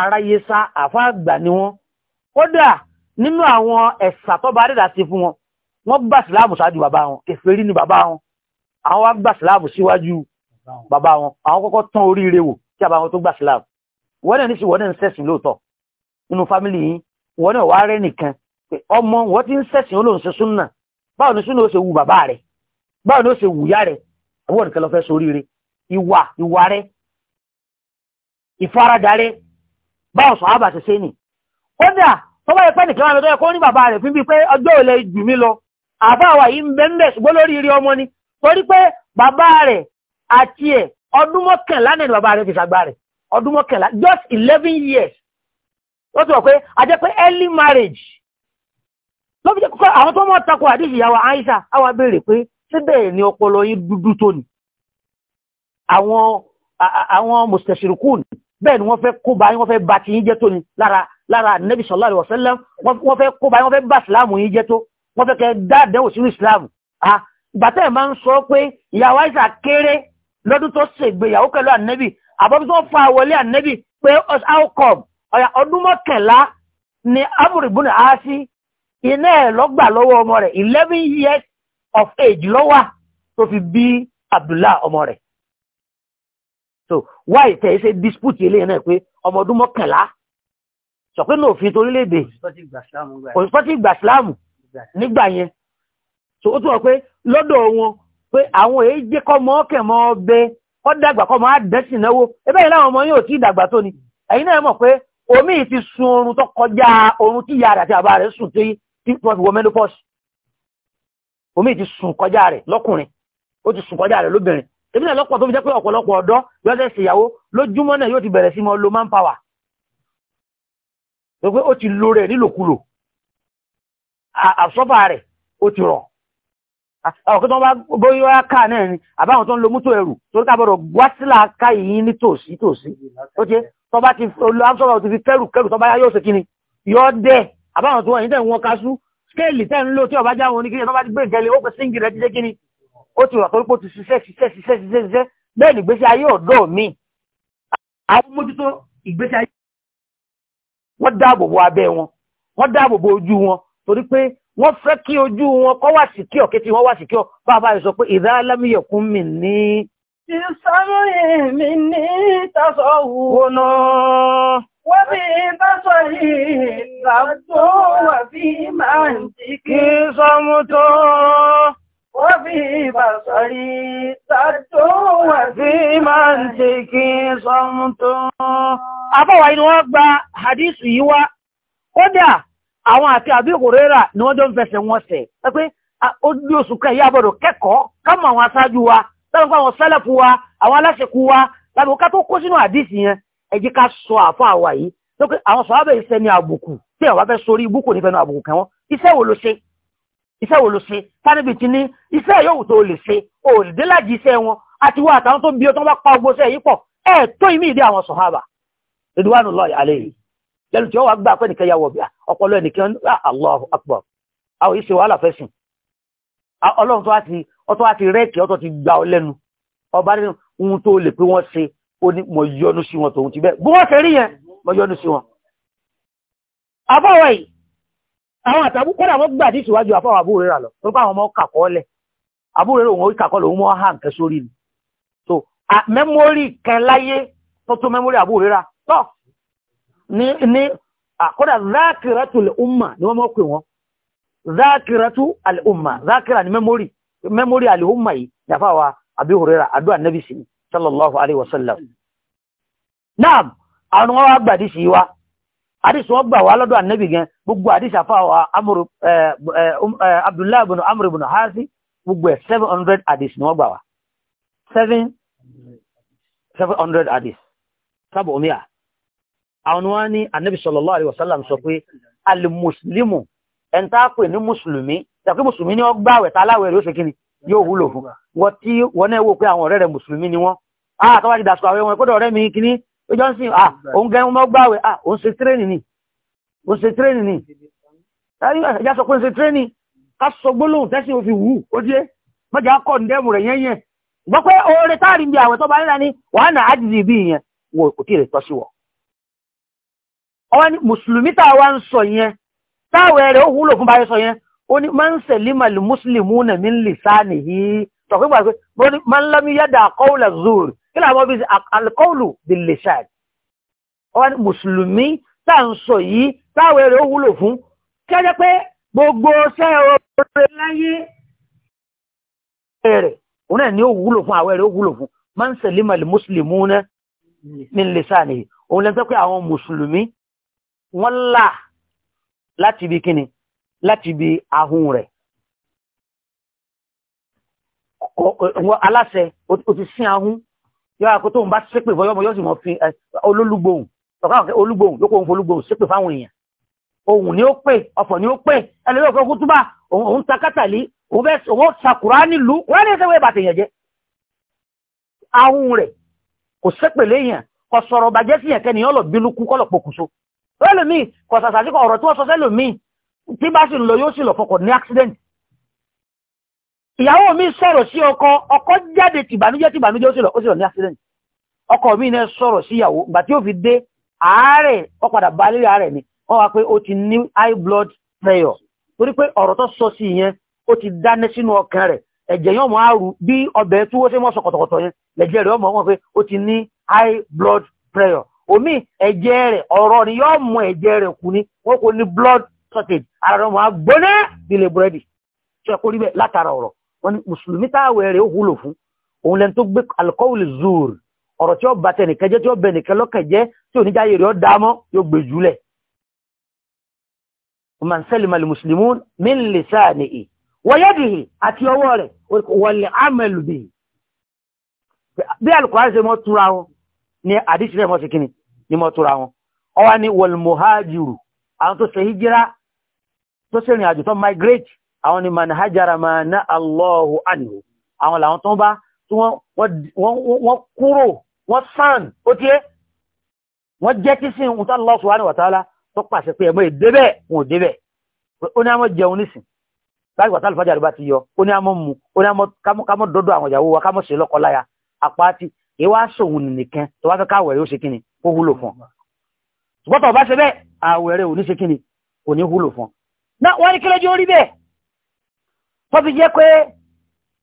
aráyé sá àfáàgbà ni wọ́n kódà nínú àwọn ẹ̀sà tó bá dẹ́dà sí fún wọn wọ́n gbà síláàmù ṣáájú bàbá wọn kèfèrí ni bàbá wọn àwọn wá gbà síláàmù síwájú bàbá wọn àwọn kọ́kọ́ tán oríire wò kí bàbá wọn tó gbà síláàmù wọ́n náà ní sí wọ́n náà ń sẹ̀sìn lóòótọ́ nínú fámìlì yìí wọ́n náà wá rẹ́ nìkan ọmọ wọ́n ti ń sẹ̀sìn olóhùn ṣe súnà báwo ni súnà ó ṣe wù bàbá rẹ̀ báwo ni ó ṣe wù yá rẹ̀ àwọn nìkan lọ fẹ́ soríire ìwà ìwà rẹ̀ ìfaradà rẹ̀ báwọn sọ àbà ti ṣe nì kódà tó bá yẹ pẹ́ nìkan wọn lọ́tọ́ kó ní bàbá rẹ̀ fún bí pé ọjọ́ ò lè jù mí lọ àbá wà yìí ń bẹ́ ń bẹ̀ ṣùgbọ́n lórí rí ọmọ ni torí pé bàbá rẹ̀ àti ẹ̀ ọdún mọ́kànlá just eleven years ó ti wọ̀ pé a jẹ́ pé early marriage ló fi jẹ́ kókó àwọn tó mọ̀ takò àdéhìí ìyàwó Aisha àwọn abéèrè pé síbẹ̀ ni ọpọlọ yín dúdú tó ni àwọn bẹ́ẹ̀ ni wọ́n fẹ́ kó bá yín wọ́n fẹ́ bá ti yín jẹ́ tó ni lára lára nẹ́bí sallallahu alaihi wasallam wọ́n fẹ́ kó bá yín wọ́n fẹ́ bá ìsìláàmù yín jẹ́ tó wọ́n fẹ́ kẹ́ dáadẹ́ òsínú ìsìláàmù. ìgbà tẹ́ ẹ̀ máa ń sọ pé ìyàwó àìsà kéré lọ́dún tó ṣègbéyàwó pẹ̀lú ànẹ́bì àbọ̀bí tó fa àwọlé ànẹ́bì pé outcome ọ̀yà ọdún mọ́kànlá ni amúrìbùnà á sí iná ẹ̀ lọ́gbà lọ́wọ́ ọmọ rẹ̀ eleven years of age lọ́wà tó fi bí Abdullah ọmọ rẹ̀ so why tẹ̀ ẹ́ ṣe dispute eléyìí náà pé ọmọ ọdún mọ́kànlá sọ pé ní òfin torílẹ̀-èdè òṣìṣọ́tì ìgbà síláàmù nígbà yẹn so ó túnbọ̀ pé lọ́dọ̀ wọn pé àwọn èyí jẹ́ kọ́ mọ́ kẹ̀mọ́ ọbẹ̀ kọ́ dàgbà kọ́ mọ́ àdẹ́sì náwó ebe yìí láwọn ọmọ yóò tí ìdàgbà tó ni ẹ̀yin náà mọ̀ pé omi ti sun oorun tó kọjá oorun tí ìyá rẹ̀ àti bàbá rẹ̀ sùn tí wọ́n fi wọ menopause omi ti sùn kọjá rẹ̀ lọ́kùnrin ó ti sùn kọjá rẹ̀ lóbìnrin ebi náà lọ́pọ̀ tó fi jẹ́ pé ọ̀pọ̀lọpọ̀ ọ̀dọ́ yọ́sẹ̀ ṣèyàwó lójúmọ́ náà yóò ti bẹ̀rẹ̀ sí mọ́ lo man power tó pé ó ti lo rẹ̀ nílòkulò àsọ́fà rẹ̀ ó ti rọ̀ ọ̀kẹ́ tó ń bá bóyá ká náà ni àbáwọn tó ń lo mútó ẹrù tó ń kábọ̀rọ̀ gbásílà ká yìí ní tòsí tòsí ó ti tó bá ti lo amsọ́fà ti fi kẹrù kẹrù tó bá yá yóò ṣe kíni yóò dẹ́ àbáwọn tó wọ̀nyí tẹ̀ ń wọ́n kású skéèlì tẹ̀ ń lò tí ọba jáwọn oníkíni tó bá ti gbé ìkẹlẹ̀ ó pẹ́ síngì rẹ̀ jẹ́ kíni ó ti wà torí pé ó ti ṣiṣẹ́ ṣiṣẹ́ ṣiṣẹ́ ṣiṣẹ́ ṣiṣẹ́ bẹ́ẹ̀ ni ìgbésí ayé ọ̀dọ́ mi àwọn mójútó ìgbésí ayé wọ́n dáàbò bo abẹ́ wọn wọ́n dáàbò bo ojú wọn torí pé wọ́n fẹ́ kí ojú wọn kọ́ wà síkíọ̀ kí tí wọ́n wà síkíọ̀ bàbá rẹ̀ sọ pé ìdá alámìyẹ̀kún mi ní. ìsọmọ èmi ní tàṣọ wò náà wọ́n bí bá sọ yìí làbó wà bí máa ń jí kí sọmọ tó. وفي بصري سد وفي منطقي صمت Àbọ̀wà inú wọ́n gba hadisi yìí wá, kódà àwọn àti àbí òkúrẹ́rà ni wọ́n jọ ń fẹsẹ̀ wọn sẹ̀. Ẹ pé ó dí oṣù kan ìyá àbọ̀dọ̀ kẹ́kọ̀ọ́ kámọ̀ àwọn aṣáájú wa, lábẹ́ fún àwọn sẹ́lẹ̀fù wa, àwọn aláṣẹkù wa, lábẹ́ ká tó kó sínú hadisi yẹn, ẹ jẹ́ iṣẹ́ wo ló ṣe tánibì ti ní iṣẹ́ yóò tó lè ṣe o lè dé láti iṣẹ́ wọn àti wọ́n àtàwọn tó ń bí ọtán bá pa ogbó ṣe yìí pọ̀ ẹ̀ tó ìmí ìdí àwọn sọ̀hábà ìdúwánu lọ àlẹ́ yìí lẹ́nu tí ó wà gbà pé nìkan yà wọ̀ bí ọpọlọ nìkan Allahu Akbar àwọn ìṣe wàhálà fẹ́sìn ọlọ́run tó wá ti ọtọ́ wá ti rẹ́ẹ̀kì ọtọ́ ti gba ọ lẹ́nu ọba nínú ohun tó lè pé wọ́n ṣe ó ní mọ̀ yọnu sí wọn tòun ti bẹ́ẹ̀ bí wọ́n ṣe àwọn àtàbù kọ́dà wọ́n gbà díṣì wájú afọ́ O rẹ̀ lọ tó fáwọn ọmọ kàkọ́ọ́lẹ̀ àbúrò rẹ̀ òun kàkọ́ọ́lẹ̀ òun mọ́ hà nǹkan sórí ni so mẹ́mórì kan láyé tó tó mẹ́mórì àbúrò rẹ̀ tọ́ ní ní ni wọ́n mọ́ pè wọ́n zákìrẹ́tù al-umma ni al-umma àdìsí wọn gbà wá lọ́dọ̀ ànábì gan gbogbo àdìsí àfa eh, eh, um, eh, abdullahi bin amr bin harfi gbogbo ẹ̀ seven hundred àdìsí ni wọ́n gbà wá seven seven hundred àdìsí sábà omiya àwọn wọn ní ànábì sallallahu alaihi wasallam sọ pé alimuslimu ẹn tá pè ní mùsùlùmí tàbí mùsùlùmí ni wọ́n gbàwẹ̀ tá aláwẹ̀ rẹ̀ ó ṣe kí ni yóò wúlò fún wọ́n tí wọ́n náà wò pé àwọn ọ̀rẹ́ rẹ̀ mùsùlùmí ni wọ́n àtọ́wájú ah, dàsùkọ̀ àwọn ẹ̀wọ̀n kódà ọ̀rẹ́ johnson ah òun gẹ́ ọmọ gbáwẹ̀ ah òun se tírénì ni òun se tírénì ni ẹjá sọ pé ṣe tírénì ká sọ gbólóhùn tẹ́sí o fi wù ó jẹ́ mọ́jà kọ́ ní dẹ́mù rẹ̀ yẹn yẹn gbọ́ pé oore táàrí bí àwẹ̀ tó bá nílá ní wàá nà ájìdì bí yẹn wọ kò tí ì rẹ̀ tọ́ sí wọ. ọwọ́ ni mùsùlùmí tá a wá ń sọ yẹn táwẹ̀ rẹ̀ ó wúlò fún báyẹn sọ yẹn ó ní máa ń sẹ̀límà lè mùsùlùmí nà mí lè sáà nìyí zúrù kí làwọn bí alikọ́ọ̀lù bí lè ṣáàdì ọwọ́ ní mùsùlùmí tá à ń sọ yìí táwọn èrè ó wúlò fún kí á jẹ́ pé gbogbo ṣẹ́ oore láyé rẹ̀ òun náà ni ó wúlò fún àwọn èrè ó wúlò fún máa ń sẹ̀lé màlì mùsùlùmí náà ní lè ṣáàdì òun lẹ́sẹ̀ pé àwọn mùsùlùmí wọ́n là láti ibi kíni láti ibi ahun rẹ̀ aláṣẹ ó ti sin ahun yọ àkótó òun bá ṣépè fọ yọmọ yóò sì mọ fi olólùgbòhùn ọ̀gá ọ̀kẹ́ olúgbòhùn ló kó òun folúgbòhùn ṣépè fáwọn èèyàn ohun ni ó pè ọ̀fọ̀ ni ó pè ẹlẹ́yìn òfin kú túbà òun ta kátàlí òun bẹ́ẹ̀ òun ta kùránì lù kùránì ẹsẹ̀ wẹ́ẹ́ bàtẹ̀ yẹn jẹ́ ahun rẹ̀ kò ṣépè léèyàn kò sọ̀rọ̀ bàjẹ́ sí yẹn kẹ́ni ọlọ̀ bílukú kọ́lọ̀ pokùnso ẹlòmíì kò sàṣàṣì kọ̀ ọ̀rọ̀ tí wọ́n sọ sẹ́lòmíì tí bá sì lọ yóò sì lọ fọkọ̀ ní accident ìyàwó mi sọ̀rọ̀ sí ọkọ ọkọ jáde tìbànújẹ́ tìbànújẹ́ ó sì lọ ní accident ọkọ mi náà sọ̀rọ̀ sí ìyàwó ìgbà tí ó fi dé àárẹ̀ ó bá lérí àárẹ̀ ni wọ́n wá pé ó ti ní high blood pressure torí pé ọ̀rọ̀ tó sọ sí ìyẹn ó ti dáná sínú ọkàn rẹ̀ ẹ̀jẹ̀ yóò mọ àrùn bí ọbẹ̀ tí wọ́n mọ́ sọ̀kọ̀tọ̀kọ̀tọ̀ yẹn lẹ̀jẹ̀ high blood pressure omi ẹ̀jẹ̀ rẹ̀ ọ̀rọ̀ ni yóò mọ blood shortage ara rẹ̀ mọ́ agbóná bí lè búrẹ́dì tí wọ́n ní mùsùlùmí táwẹ̀ rẹ̀ ó wúlò fún òun lẹ́nu tó gbé alkọ́wùlì zuur ọ̀rọ̀ tí ó bá tẹnìkan jẹ́ tí ó bẹ nìkan lọ́kàn jẹ́ tí oníjáyé rẹ̀ ó dámọ́ yóò gbé jùlẹ̀ man salima li muslimun min lisanihi wa yadihi àti ọwọ́ rẹ̀ wal amalu bihi bí alukọ́rá rẹ̀ mọ́ sí kíni ní mọ́ túra wọn àwọn ni man hajara ma na allahu anhu àwọn làwọn tó ń bá tí wọ́n kúrò wọ́n sàn ó tí é wọ́n jẹ́ kí sí ohun tó Allah subhanahu wa ta'ala tó pàṣẹ pé ẹ̀mọ́ ìdébẹ̀ wọn ò débẹ̀ ó ní àmọ́ jẹun nísìn láti wà tálùfájà àdúgbà ti yọ ó ní àmọ́ mu ó ní àmọ́ kámọ́ dọ́dọ̀ àwọn ìyàwó wa kámọ́ ṣe lọ́kọ láya apá ti ìwà sòun nìkan tó wá fẹ́ káwẹ̀ yóò ṣe kíni ó kò ní wúlò fún wọ́n ní kí lójú bẹ́ẹ̀ tó fi jẹ́ pé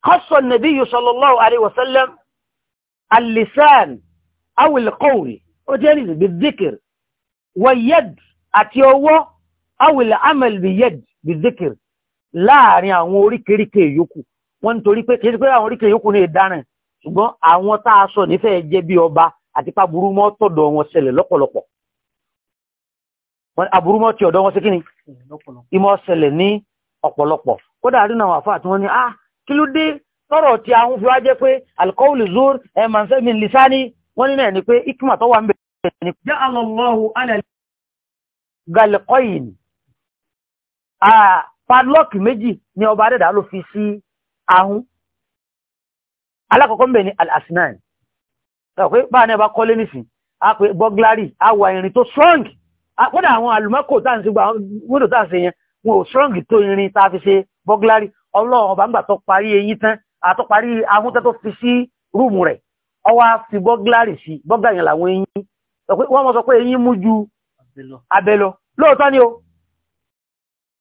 kọ́sọ̀ nàbí yìí sallallahu alaihi wasallam alisan awilkowri ó jẹ́ rìn bí zikir wayed àti ọwọ́ awil amal bí yed bí zikir láàrin àwọn oríkèríkè yòókù wọ́n nítorí pé kìí pé àwọn oríkèríkè yòókù ní ìdáràn ṣùgbọ́n àwọn tá a sọ nífẹ̀ẹ́ jẹ́ bí ọba àti pa burúmọ́ tọ̀dọ̀ wọn ṣẹlẹ̀ lọ́pọ̀lọpọ̀ aburúmọ́ ti ọ̀dọ̀ wọn sí kí ìmọ̀ ṣẹlẹ̀ ní ọ̀pọ̀lọpọ̀ kódà rínà wà tí wọ́n ní ah kí ló dé tọ́rọ̀ tí àwọn fi wá jẹ́ pé alkọ́ọ̀lù zuur ẹ̀ máa ń fẹ́ mi lisani wọ́n ní náà ni pé ikima tó wà ń bẹ̀rẹ̀ ni. padlock méjì ni ọba adẹ́dà ló fi sí ahun alákọ̀ọ́kọ́ ń bẹ̀ ni al-asinan sọ pé báà ní strong kódà àwọn alùmọ́kò tá à ń ṣe gbà wíńdò tá à yẹn wọn ò strong tó irin tá a fi ṣe bọ́gláàrí ọlọ́run ọba ńgbà tó parí eyín tán àtọ́ parí ahúntẹ́ tó fi sí rúùmù rẹ̀ ọwọ́ fi bọ́gláàrí sí bọ́gláàrí làwọn eyín wọ́n mọ̀ sọ pé eyín mú ju abẹ lóòótọ́ ni o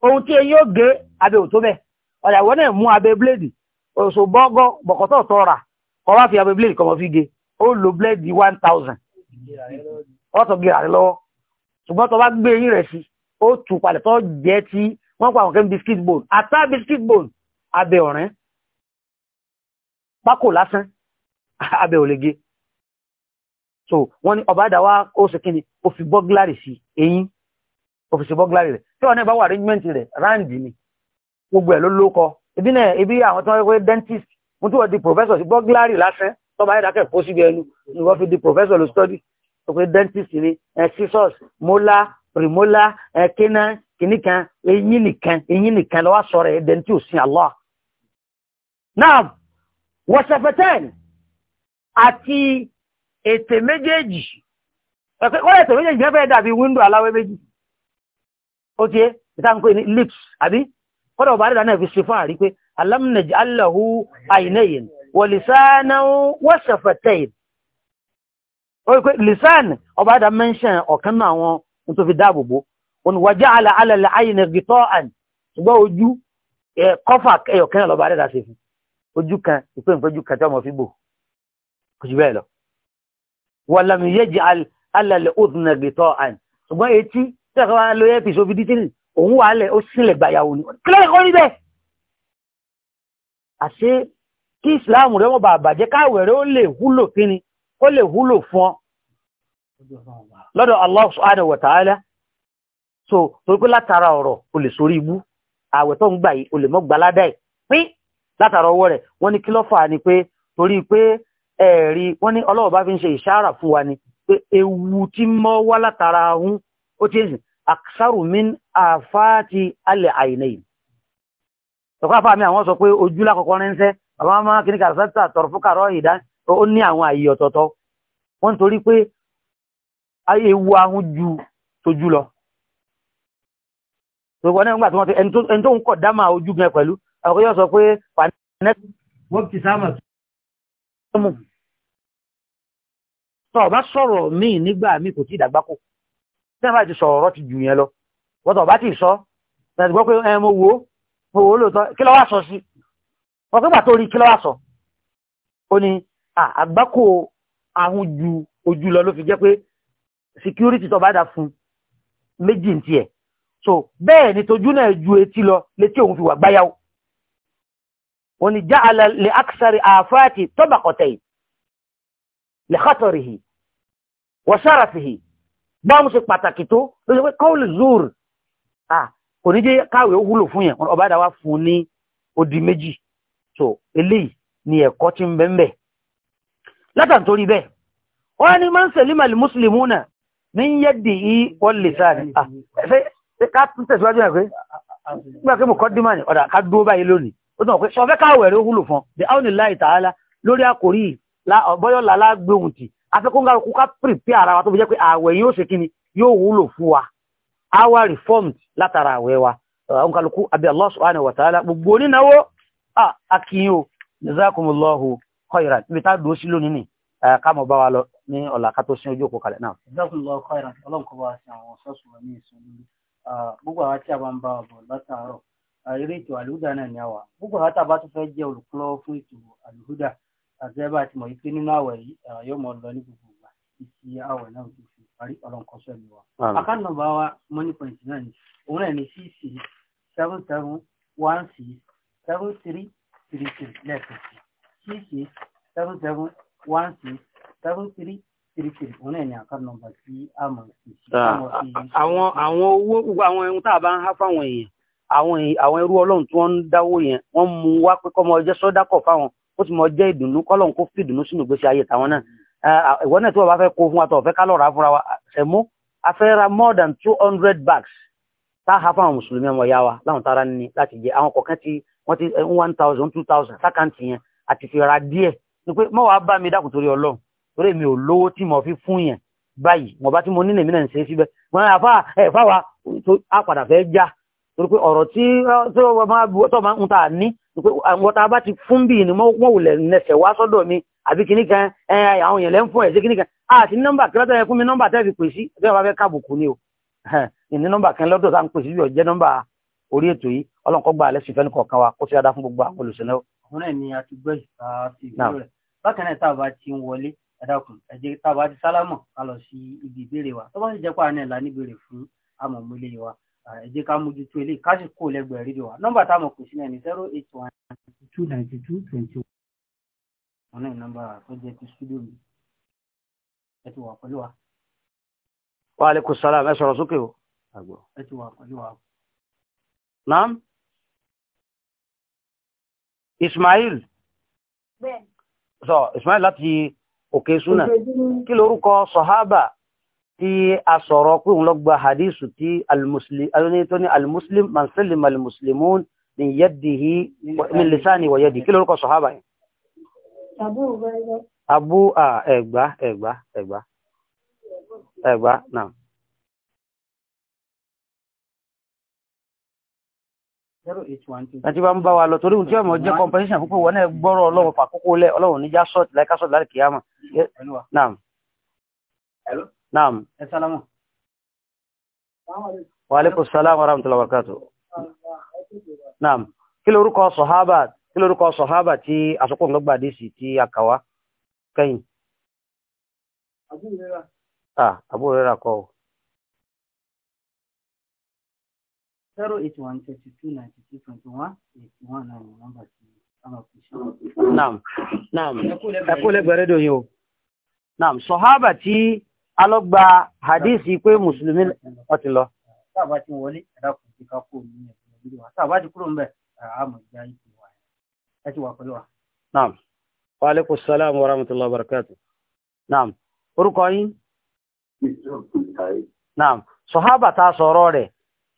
ohun tí eyín ó gé abẹ ò tó bẹ́ẹ̀ ọ̀dà ìwọ náà mú abẹ bíléèdì oṣù bọ́gọ́ bọ̀kọ́tọ̀ tó rà kọ́ wá fi abẹ bíléèdì kọ́ mọ́ fi gé ó lo bíléèdì one thousand ọ̀tọ̀ gé àrẹ lọ́wọ́ ṣùgbọ́n tó bá gbé eyín rẹ̀ sí ó tù palẹ̀ tó jẹ́ ti wọ́n pa àwọn kẹ́ biscuit bone àtà biscuit bone abẹ́ ọ̀rẹ́ pákò lásán <laughs> abẹ́ òlege so wọ́n ní ọba àdáwà ó sì kí ni ó fi bọ́gláàrì sí eyín ó fi sí bọ́gláàrì rẹ̀ tí wọ́n náà bá wà arrangement rẹ̀ ráǹdì ni gbogbo ẹ̀ ló lóko ebi náà ebi àwọn tí wọ́n rẹ́ dentist mo tí wọ́n di professor sí bọ́gláàrì lásán tọ́ba ayédákẹ́ kó síbi ẹnu ni wọ́n fi di professor ló study ó pe dentist ni ẹ̀ scissors molar premolar ẹ̀ canine kìíní kan eyín nìkan eyín nìkan lọ́wọ́ sọ̀rọ̀ ẹ̀dẹ̀ tí ó sin Allah. náà wọ́sẹ̀fẹ̀tẹ́n àti ètè méjèèjì wọ́n ètè méjèèjì mẹ́fẹ́ dàbí wíńdò aláwẹ́ méjì ó ti ẹ́ ìta nǹkan ní lips àbí kọ́dọ̀ bá rẹ̀dà náà fi ṣe fún àrí pé alam naj'al lahu aynayn wa ó pé lisan ọba dà mẹ́ńṣẹ̀ ọ̀kan náà àwọn tó fi dáàbò bò wàjá àlàálẹ̀ àyìnà gìtọ́ àn ṣùgbọ́n ojú kọfà ẹyọkẹ́ lọ́ba rẹ̀ dáṣe fún ojú kan ìpé ìfẹ́jú kan tí ọmọ fi gbò kò jù bẹ́ẹ̀ lọ wà lámì yẹ́jì àlàálẹ̀ òdùnà gìtọ́ àn ṣùgbọ́n etí tẹ́kọ̀ wá lóyè fi so fìdí tìrì òun wà lẹ̀ ó sílẹ̀ gbàyàwó ni kílẹ̀ kọ́ níbẹ̀ àṣé kí ìsìláàmù rẹ̀ wọ́n bá bàjẹ́ káwẹ̀ rẹ̀ ó lè wúlò kíni ó lè wúlò fún ọ lọ́dọ̀ Allah subhanahu wa ta'ala so torí pé látara ọ̀rọ̀ o lè sórí ibú ààwẹ̀ tó ń gbà yìí o lè mọ́ gbaládà ẹ̀ pín látara ọwọ́ rẹ̀ wọ́n ní kí ló fà á ni pé torí pé ẹ̀ẹ̀rí wọ́n ní ọlọ́wọ́ bá fi ń ṣe ìṣára fún wa ni pé ewu tí mọ́ wá látara ahun ó ti ẹ̀sìn aksaru min àfáàtì alẹ́ àìnà yìí ọkọ̀ afá mi àwọn sọ pé ojú lákọ̀ọ́kọ́ ránṣẹ́ bàbá máa kí ní kàrọ̀sátà tọ̀rọ̀ fún kàrọ̀ ìdá ó ní àwọn àyè ọ̀tọ̀ọ̀tọ̀ wọ́n torí pé ewu ahun ju tójú lọ ṣùgbọ́n nígbà tí wọ́n ti ẹni tó ń kọ̀ dámà ojú gan pẹ̀lú ọkọ̀ yóò sọ pé fàánẹ́ wọ́n ti sáàmà tó mú tọ́ ọba sọ̀rọ̀ míì nígbà míì kò tí ìdàgbákò tí wọ́n bá ti sọ̀rọ̀ ọ̀rọ̀ ti jù yẹn lọ wọ́n tọ̀ ọba ti sọ tẹ̀sí gbọ́ pé ẹ mo wò ju ojú lọ ló fi jẹ́ pé security tó bá dà fún méjì ní tiẹ̀ so bẹ́ẹ̀ ni tójú náà ju etí lọ létí òun fi wà gbáyàwó òní já ala lè aksari àfáàtì tọ́bàkọ̀tẹ̀ lè kọ́tọ̀rì hì wọ́n sára fi hì báwọn ṣe pàtàkì tó ló pé kọ́ọ̀lù zúr ah kò ní jẹ́ káwé ó wúlò fún yẹn ọba so eléyìí ni ẹ̀kọ́ ti ń bẹ́ẹ̀ látàntorí bẹ́ẹ̀ wọ́n ní máa ń sẹ̀límà lè mùsùlùmí náà ní yẹ́dì ní ká tún tẹ̀síwájú ẹ̀ pé nígbà kí mo kọ́ dímà ní ọ̀dà ká dúró báyìí lónìí ó tún wọ́n pé sọ fẹ́ káwẹ̀ rẹ̀ húlò fún the only light ta'ala lórí àkórí bọ́yọ̀ làlá gbóhùn tì afẹ́kọ́ńgá kú ká pèpè ara wa tó fi jẹ́ pé àwẹ̀ yóò ṣe kíni yóò wúlò fún wa our reformed látara àwẹ̀ wa ọ̀nkàlùkù àbí Allah subhanahu wa ta'ala gbogbo onínáwó akíyàn jazakumullahu khairan ibi tá dúró sí ni káàmọ̀ bá wa lọ ní ọ̀làkà tó sin ojú òkú kalẹ̀ náà. jazakumullahu khairan ọlọ́nkọ́ bá wa ṣe àwọn ṣọ́ọ̀ṣù wa ní ìsọ̀rọ̀ gbogbo àwa tí a bá ń bá wa bọ̀ látàárọ̀ eré ètò àlùdà náà ni a wà gbogbo àwa tá a bá tún fẹ́ jẹ́ olùkọ́ fún ètò àlùdà àti ẹ bá ti mọ̀ wípé nínú àwẹ̀ yìí yóò mọ̀ lọ ní gbogbo ìgbà ìsì àwẹ̀ ti fi parí ọlọ́nkọ́sọ́ ni wa. àkáǹtì nọ́mbà wa money point náà ni òun ni six six seven seven one six kirikiri wọn náà ní àkáǹtì nọ́mbà tí a mọ̀ sí. àwọn àwọn owó gbogbo àwọn ohun tá a bá ń há fáwọn èèyàn àwọn àwọn ẹrú ọlọ́run tí wọ́n ń dáwó yẹn wọ́n mú wá pé kọ́mọ ọjọ́ sọ́dákọ̀ fáwọn ó ti mọ jẹ́ ìdùnnú kọ́lọ́run kó fi ìdùnnú sínú ìgbésí ayé tàwọn náà ìwọ náà tí wọ́n bá fẹ́ kó fún wa tó ọ̀fẹ́ ká lọ́ọ̀rọ̀ afúnra wa ṣẹ̀mú a fẹ́ ra more than two hundred bags tá a ha fáwọn mùsùlùmí ọmọ ìyá wa láwọn tara ní láti jẹ àwọn kọ̀ọ̀kan ti wọ́n ti one thousand two thousand sákàǹtì yẹn àti fi ra díẹ̀ ni pé mọ́ wàá bá mi dákùn torí ọlọ́run torí mi ò lówó tí mo fi fún yẹn báyìí mo bá tí mo nílẹ̀ mi náà ń ṣe síbẹ̀ wọn àfa ẹ̀ fáwa á padà fẹ́ já torí pé ọ̀rọ̀ tí tó máa ń ta ní àwọn tá a bá ti fún bí ni wọ́n wùlẹ̀ nẹsẹ̀ wá sọ́dọ̀ mi àbí kìíní kan àwọn èèyàn lẹ́ ń fún ẹ̀ sí kìíní kan àti nọ́mbà kí lọ́tọ̀ fún mi nọ́mbà tẹ́ fi pè sí tí wọ́n fẹ́ kábùkù ni o ìní nọ́mbà kan lọ́dọ̀ tá ń pè sí yóò jẹ́ nọ́mbà orí ètò yìí ọlọ́nkọ́ gba àlẹ́ sìnfẹ́ nìkan kan wa kó sì dáadáa fún gbogbo àwọn olùsìn náà. ọkùnrin ni a ti gbẹ́ ìgbà ìgbà rẹ̀ bákan náà tá bá ti ń wọlé ẹ dákun ẹ jẹ́ tábà ti sálámọ̀ ká lọ sí ibi ìbéèrè wa tó bá sì jẹ́ pé àná ìlà níbèrè fún amọ̀mú ilé wa ẹ jẹ́ ká mójútó ilé ká sì kó lẹ́gbẹ̀ẹ́ rédíò wa nọ́mbà táwọn kò sí náà ní zero eight one two ninety two twenty one. wọn náà nọ́mbà tó jẹ́ ti studio mi ẹ ti wà pẹ̀lú wa. wa aleykum salaam ẹ sọ̀rọ̀ sókè o. ẹ ti wà pẹ̀lú wa. naam Ismail. bẹ́ẹ̀. sọ Ismail láti òkè súnà kí lórúkọ sọ̀hábà tí a sọ̀rọ̀ pé òun lọ́gba hadisu tí almuslim man sallim ni, min yadihi min lisani wa yadihi kí lórúkọ sọ̀hábà yìí abu ẹgbà ẹgbà ẹgbà ẹgbà náà láti bá ń bá wa lọ torí ohun tí ọmọ jẹ́ compensation púpọ̀ wọn náà gbọ́rọ̀ ọlọ́run fàkókò lẹ̀ ọlọ́run níjà sọ́ọ̀tì láìka sọ́ọ̀tì láì kìí àmọ̀. naam. naam. ẹ sálámù. wa aleykum salaam wa rahmatullahi wa barakatuh. naam kí lorúkọ sọ̀hábà kí lorúkọ sọ̀hábà tí àsopọ̀ ń gbàdé sí ti àkàwá kẹ́yìn. àbúrò rẹ̀ rà kọ́ ọ́. zero eight one thirty two ninety two twenty one eighty one nine nọ́mbà tí naam naam ẹ kú lẹ́gbẹ̀rẹ́ dòyìn o naam sọ̀hábà tí alọ́gba hadisi pé mùsùlùmí ọtí lọ. sábà ti wọlé ẹ̀dá kò ká kó ní ẹ̀sìn ìlú wa sábà ti kúrò ń àmọ̀ ìjà ìpè wa ẹ ti wà pẹ̀lú wa. naam wa aleykum salaam wa rahmatulah wa barakatu. naam orúkọ yín. naam sọ̀hábà tá sọ̀rọ̀ rẹ̀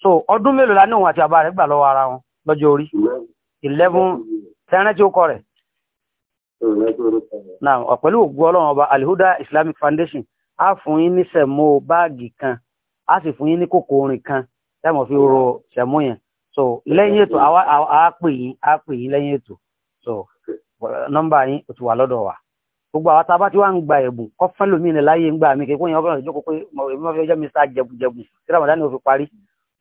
so ọdún mélòó la ní òun àti bàbá rẹ̀ gbà lọ́wọ́ ara wọn lọ́jọ́ orí eleven tẹ́rẹ́ tí ó kọ rẹ̀ náà ọ̀pẹ̀lú ògùn ọlọ́run ọba alihuda islamic foundation á fún yín ní sẹ̀mó báàgì kan á sì fún yín ní kòkò orin kan tẹ́mọ̀ fi ro sẹ̀mó yẹn so lẹ́yìn ètò a pè yín àá pè yín lẹ́yìn ètò so nọ́mbà yín o ti wà lọ́dọ̀ wa gbogbo àwọn tá a bá ti wá ń gba ẹ̀bùn kọ́ fẹ́ lómi ní láyé ń gbà mí kékeré yẹn ọkùnrin ìjókòó pé èmi fi ọjọ́ mi sá jẹ̀bùjẹ̀bù tí ramadan ò fi parí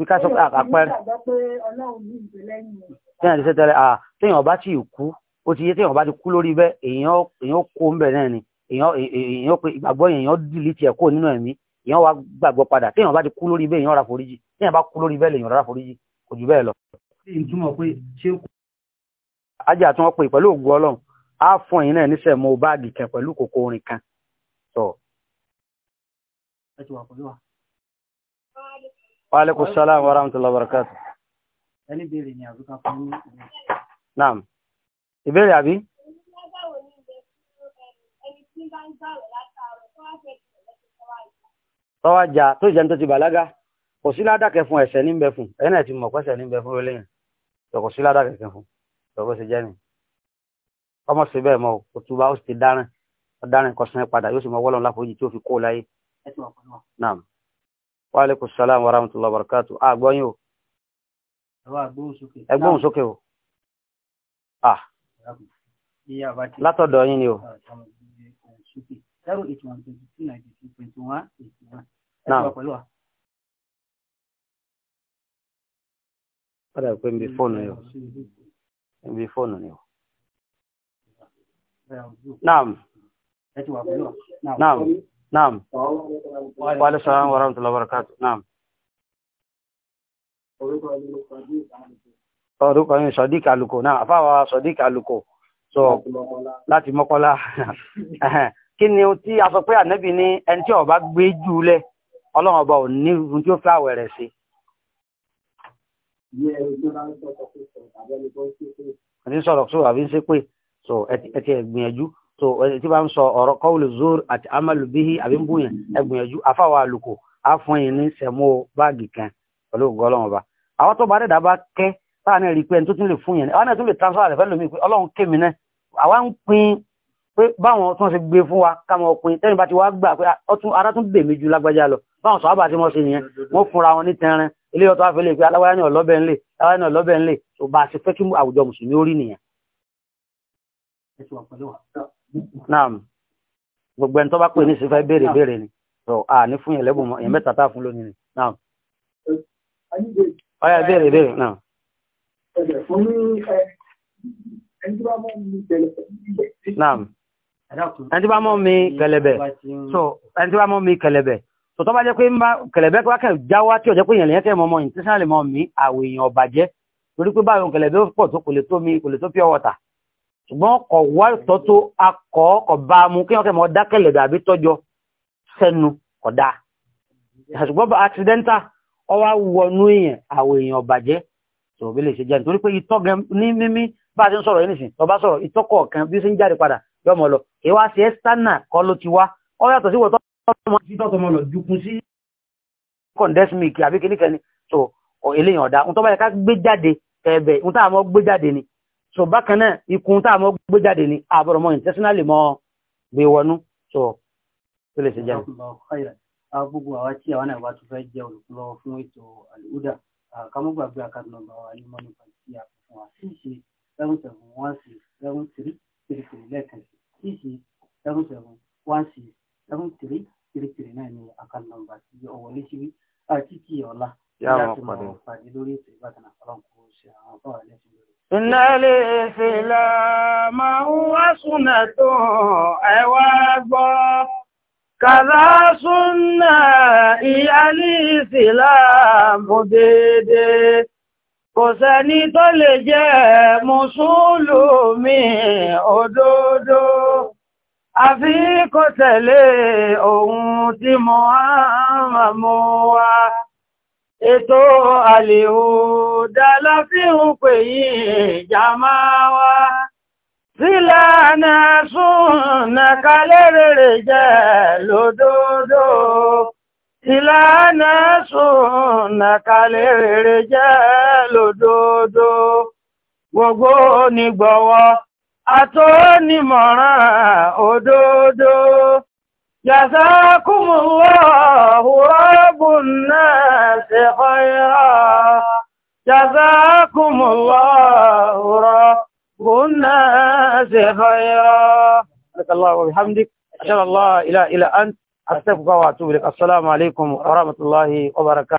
bí ká sọ pé àpẹẹrẹ téèyàn ti sẹ́tẹ̀rẹ̀ à téèyàn bá ti kú ó ti yé téèyàn bá ti kú lórí bẹ́ẹ̀ èèyàn kó ń bẹ̀ náà ni èèyàn pé ìgbàgbọ́ èèyàn dìlítì ẹ̀ kúrò nínú ẹ̀mí èèyàn wá gbàgbọ́ padà téèyàn bá ti kú lórí bẹ́ẹ̀ èèyàn rà foríjì téèyàn bá kú lórí bẹ́ẹ̀ lèèyàn rà foríjì kò jù bẹ́ẹ̀ lọ. ajé àti wọn pè pẹ̀lú ògùn ọlọ́run á fún ẹ̀yin náà níṣẹ́ mo báàgì kan pẹ̀lú kòkó orin kan. ẹ ti wà pẹ̀lú wa. Wàhálẹ́kùn sálàmù ورحمة الله وبركاته. barakatuh. Ẹni يا ni àbúkà fún mi. أبي. Ìbéèrè àbí? Tọ́wà jà tó ìjẹun tó ti bàlágà. Kò sí ládàkẹ́ fún ẹ̀ṣẹ̀ ní ń bẹ fún. Ẹ̀yìn náà ti mọ̀ pẹ́sẹ̀ ní ń bẹ fún ilé yẹn. Kò sí ládàkẹ́ kẹ́ fún. Tọ́gbọ́ ṣe jẹ́ Ọmọ sí bẹ́ẹ̀ mọ́ o túbá ó sì ti dárìn. Ó dárìn kọsán padà yóò sì mọ wọ́lọ́n láforíjì tí ó fi kó láyé. Naam wa alaikum salaam wa rahmatullahi wa barakatuh àgbọ́yìn ah, o ẹgbọ́n sókè o ah látọ̀dọ̀ yín ni o Padà pé mi fóònù ni o. Mi fóònù ni o. Naam. Naam. نعم وعلى السلام ورحمة الله وبركاته نعم orúkọ yín sọdík àlùkò náà àfáwà sọdík àlùkò sọ láti mọ́kọ́lá <laughs> kí ni tí a sọ pé ànábì ní ẹni tí ọba gbé jù lẹ ọlọ́run ọba ò ní ohun tí ó fẹ́ àwẹ̀ sí. ẹni sọ̀rọ̀ sọ̀rọ̀ àbí ń ṣe pé ẹ ti ẹ̀ gbìyànjú so eh, tí bá ń sọ ọ̀rọ̀ kọ́wùlù zur àti amalu bihi àbí ń bùyàn ẹgbìyànjú afáwà àlùkò á fún yín ní sẹ̀mó báàgì kan pẹ̀lú ògùn ọlọ́run ba àwọn tó bá dẹ̀dá bá kẹ́ táà náà rí i pé ẹni tó tún lè fún yẹn àwọn náà tún lè transfer rẹ̀ fẹ́lẹ̀ mi pé ọlọ́run kémi náà àwa ń pín pé báwọn tó ń ṣe gbé fún wa ká máa pín tẹ́yìn bá ti wá gbà pé ah, ara tún bèmí ju lágbájá lọ báwọn sọ̀rọ̀ bá ti mọ̀ sí nìyẹn wọ́n fúnra wọn ní tẹrin ilé ọ̀tọ̀ àfẹ́lẹ́ pé aláwáyá ní ọ̀lọ́bẹ̀ ńlẹ̀ aláwáyá ní ọ̀lọ́bẹ̀ ńlẹ̀ tó bá a ṣe fẹ́ kí àwùjọ mùsùlùmí ó rí nìyẹn naam gbogbo ẹni tó bá pè ní sí fẹ́ béèrè béèrè ni so a ní fún yẹn lẹ́bùn yẹn mẹ́ta tá fún lónìí ni naam ọyà béèrè béèrè naam. naam ẹni tí bá mọ̀ mi kẹlẹ̀bẹ̀ so ẹni tí bá mọ̀ mi kẹlẹ̀bẹ̀ so tó bá jẹ́ pé ń bá kẹlẹ̀bẹ̀ wá kẹ̀ jáwá tí ò jẹ́ pé yẹn lẹ́yìn kẹ́ mọ̀ mọ̀ intentionally mọ̀ mi àwòyàn ọ̀bàjẹ́ torí pé báyọ̀ kẹlẹ̀bẹ̀ pọ̀ tó kò lè tó mi kò lè tó pure water ṣùgbọ́n ọkọ̀ wá ìtọ́tó akọ̀ ọkọ̀ bá mú kí wọ́n kẹ́ mọ́ dákẹ̀lẹ̀ dàbí tọ́jọ sẹ́nu kọ̀dá ṣùgbọ́n accidenta ọwá wọnú èèyàn àwọ̀ èèyàn ọ̀bàjẹ́ tòbí lè ṣe jẹ́ nítorí pé ìtọ́ gan ní mímí bá a ti ń sọ̀rọ̀ yìí nìsín ọba sọ̀rọ̀ ìtọ́ kọ̀ọ̀kan bí ó ṣe ń jáde padà yọmọ lọ ìwá sí ẹ́stánà kọ́ ló ti wá ọ yàtọ̀ sí wọ́tọ́ ọmọ lọ jukun sí kọ̀ǹdẹ́símìkì àbí kìnnìkan ni tó eléyàn ọ̀dà ń tọ́ báyìí ká gbé jáde ẹ̀bẹ̀ ń tà mọ́ gbé jáde ni so bákan náà ikun tá a mọ́ gbé jáde ní àbọ̀rọ̀ mọ́ intentionally mọ́ gbé wọnú so tó lè ṣe jẹun. gbogbo àwa tí àwọn àgbà tó jẹ́ olùkúlọ́wọ́ fún ètò àlùdà kámọ́gbàgbé àkàtúnọ̀gbà wa ní mọ́nì pàtó tí a fún wa sí tí ọ̀wọ́ lé sí títí ọ̀la láti mọ̀ pàdé lórí ètò ìbátan àfọlọ́nkù ṣe àwọn fọ́ọ̀rọ̀ lẹ́sìn Iná lè ṣe lọ máa ń wá súnà tó ẹwà gbọ́. Kàrá súnà ìyálì ìsìláàmù dédé. Kò sẹ́ni tó lè jẹ́ Mùsùlùmí òdodo. Àfi kó tẹ̀lé ohun tí Mùhámmádù mú wá ètò àlèhò dálá fi ń pè yí ìjàmá wá sílànà súnnà kalẹ́rẹ̀rẹ̀ jẹ́ lódodo ìlànà súnnà kalẹ́rẹ̀rẹ̀ jẹ́ lódodo gbogbo onígbọ̀wọ́ àtọ́ onímọ̀ràn òdodo. جزاكم الله رب الناس خيرا جزاكم الله رب الناس خيرا بارك الله وبحمدك أشهد الله إله إلا أنت أستغفرك وأتوب إليك السلام عليكم ورحمة الله وبركاته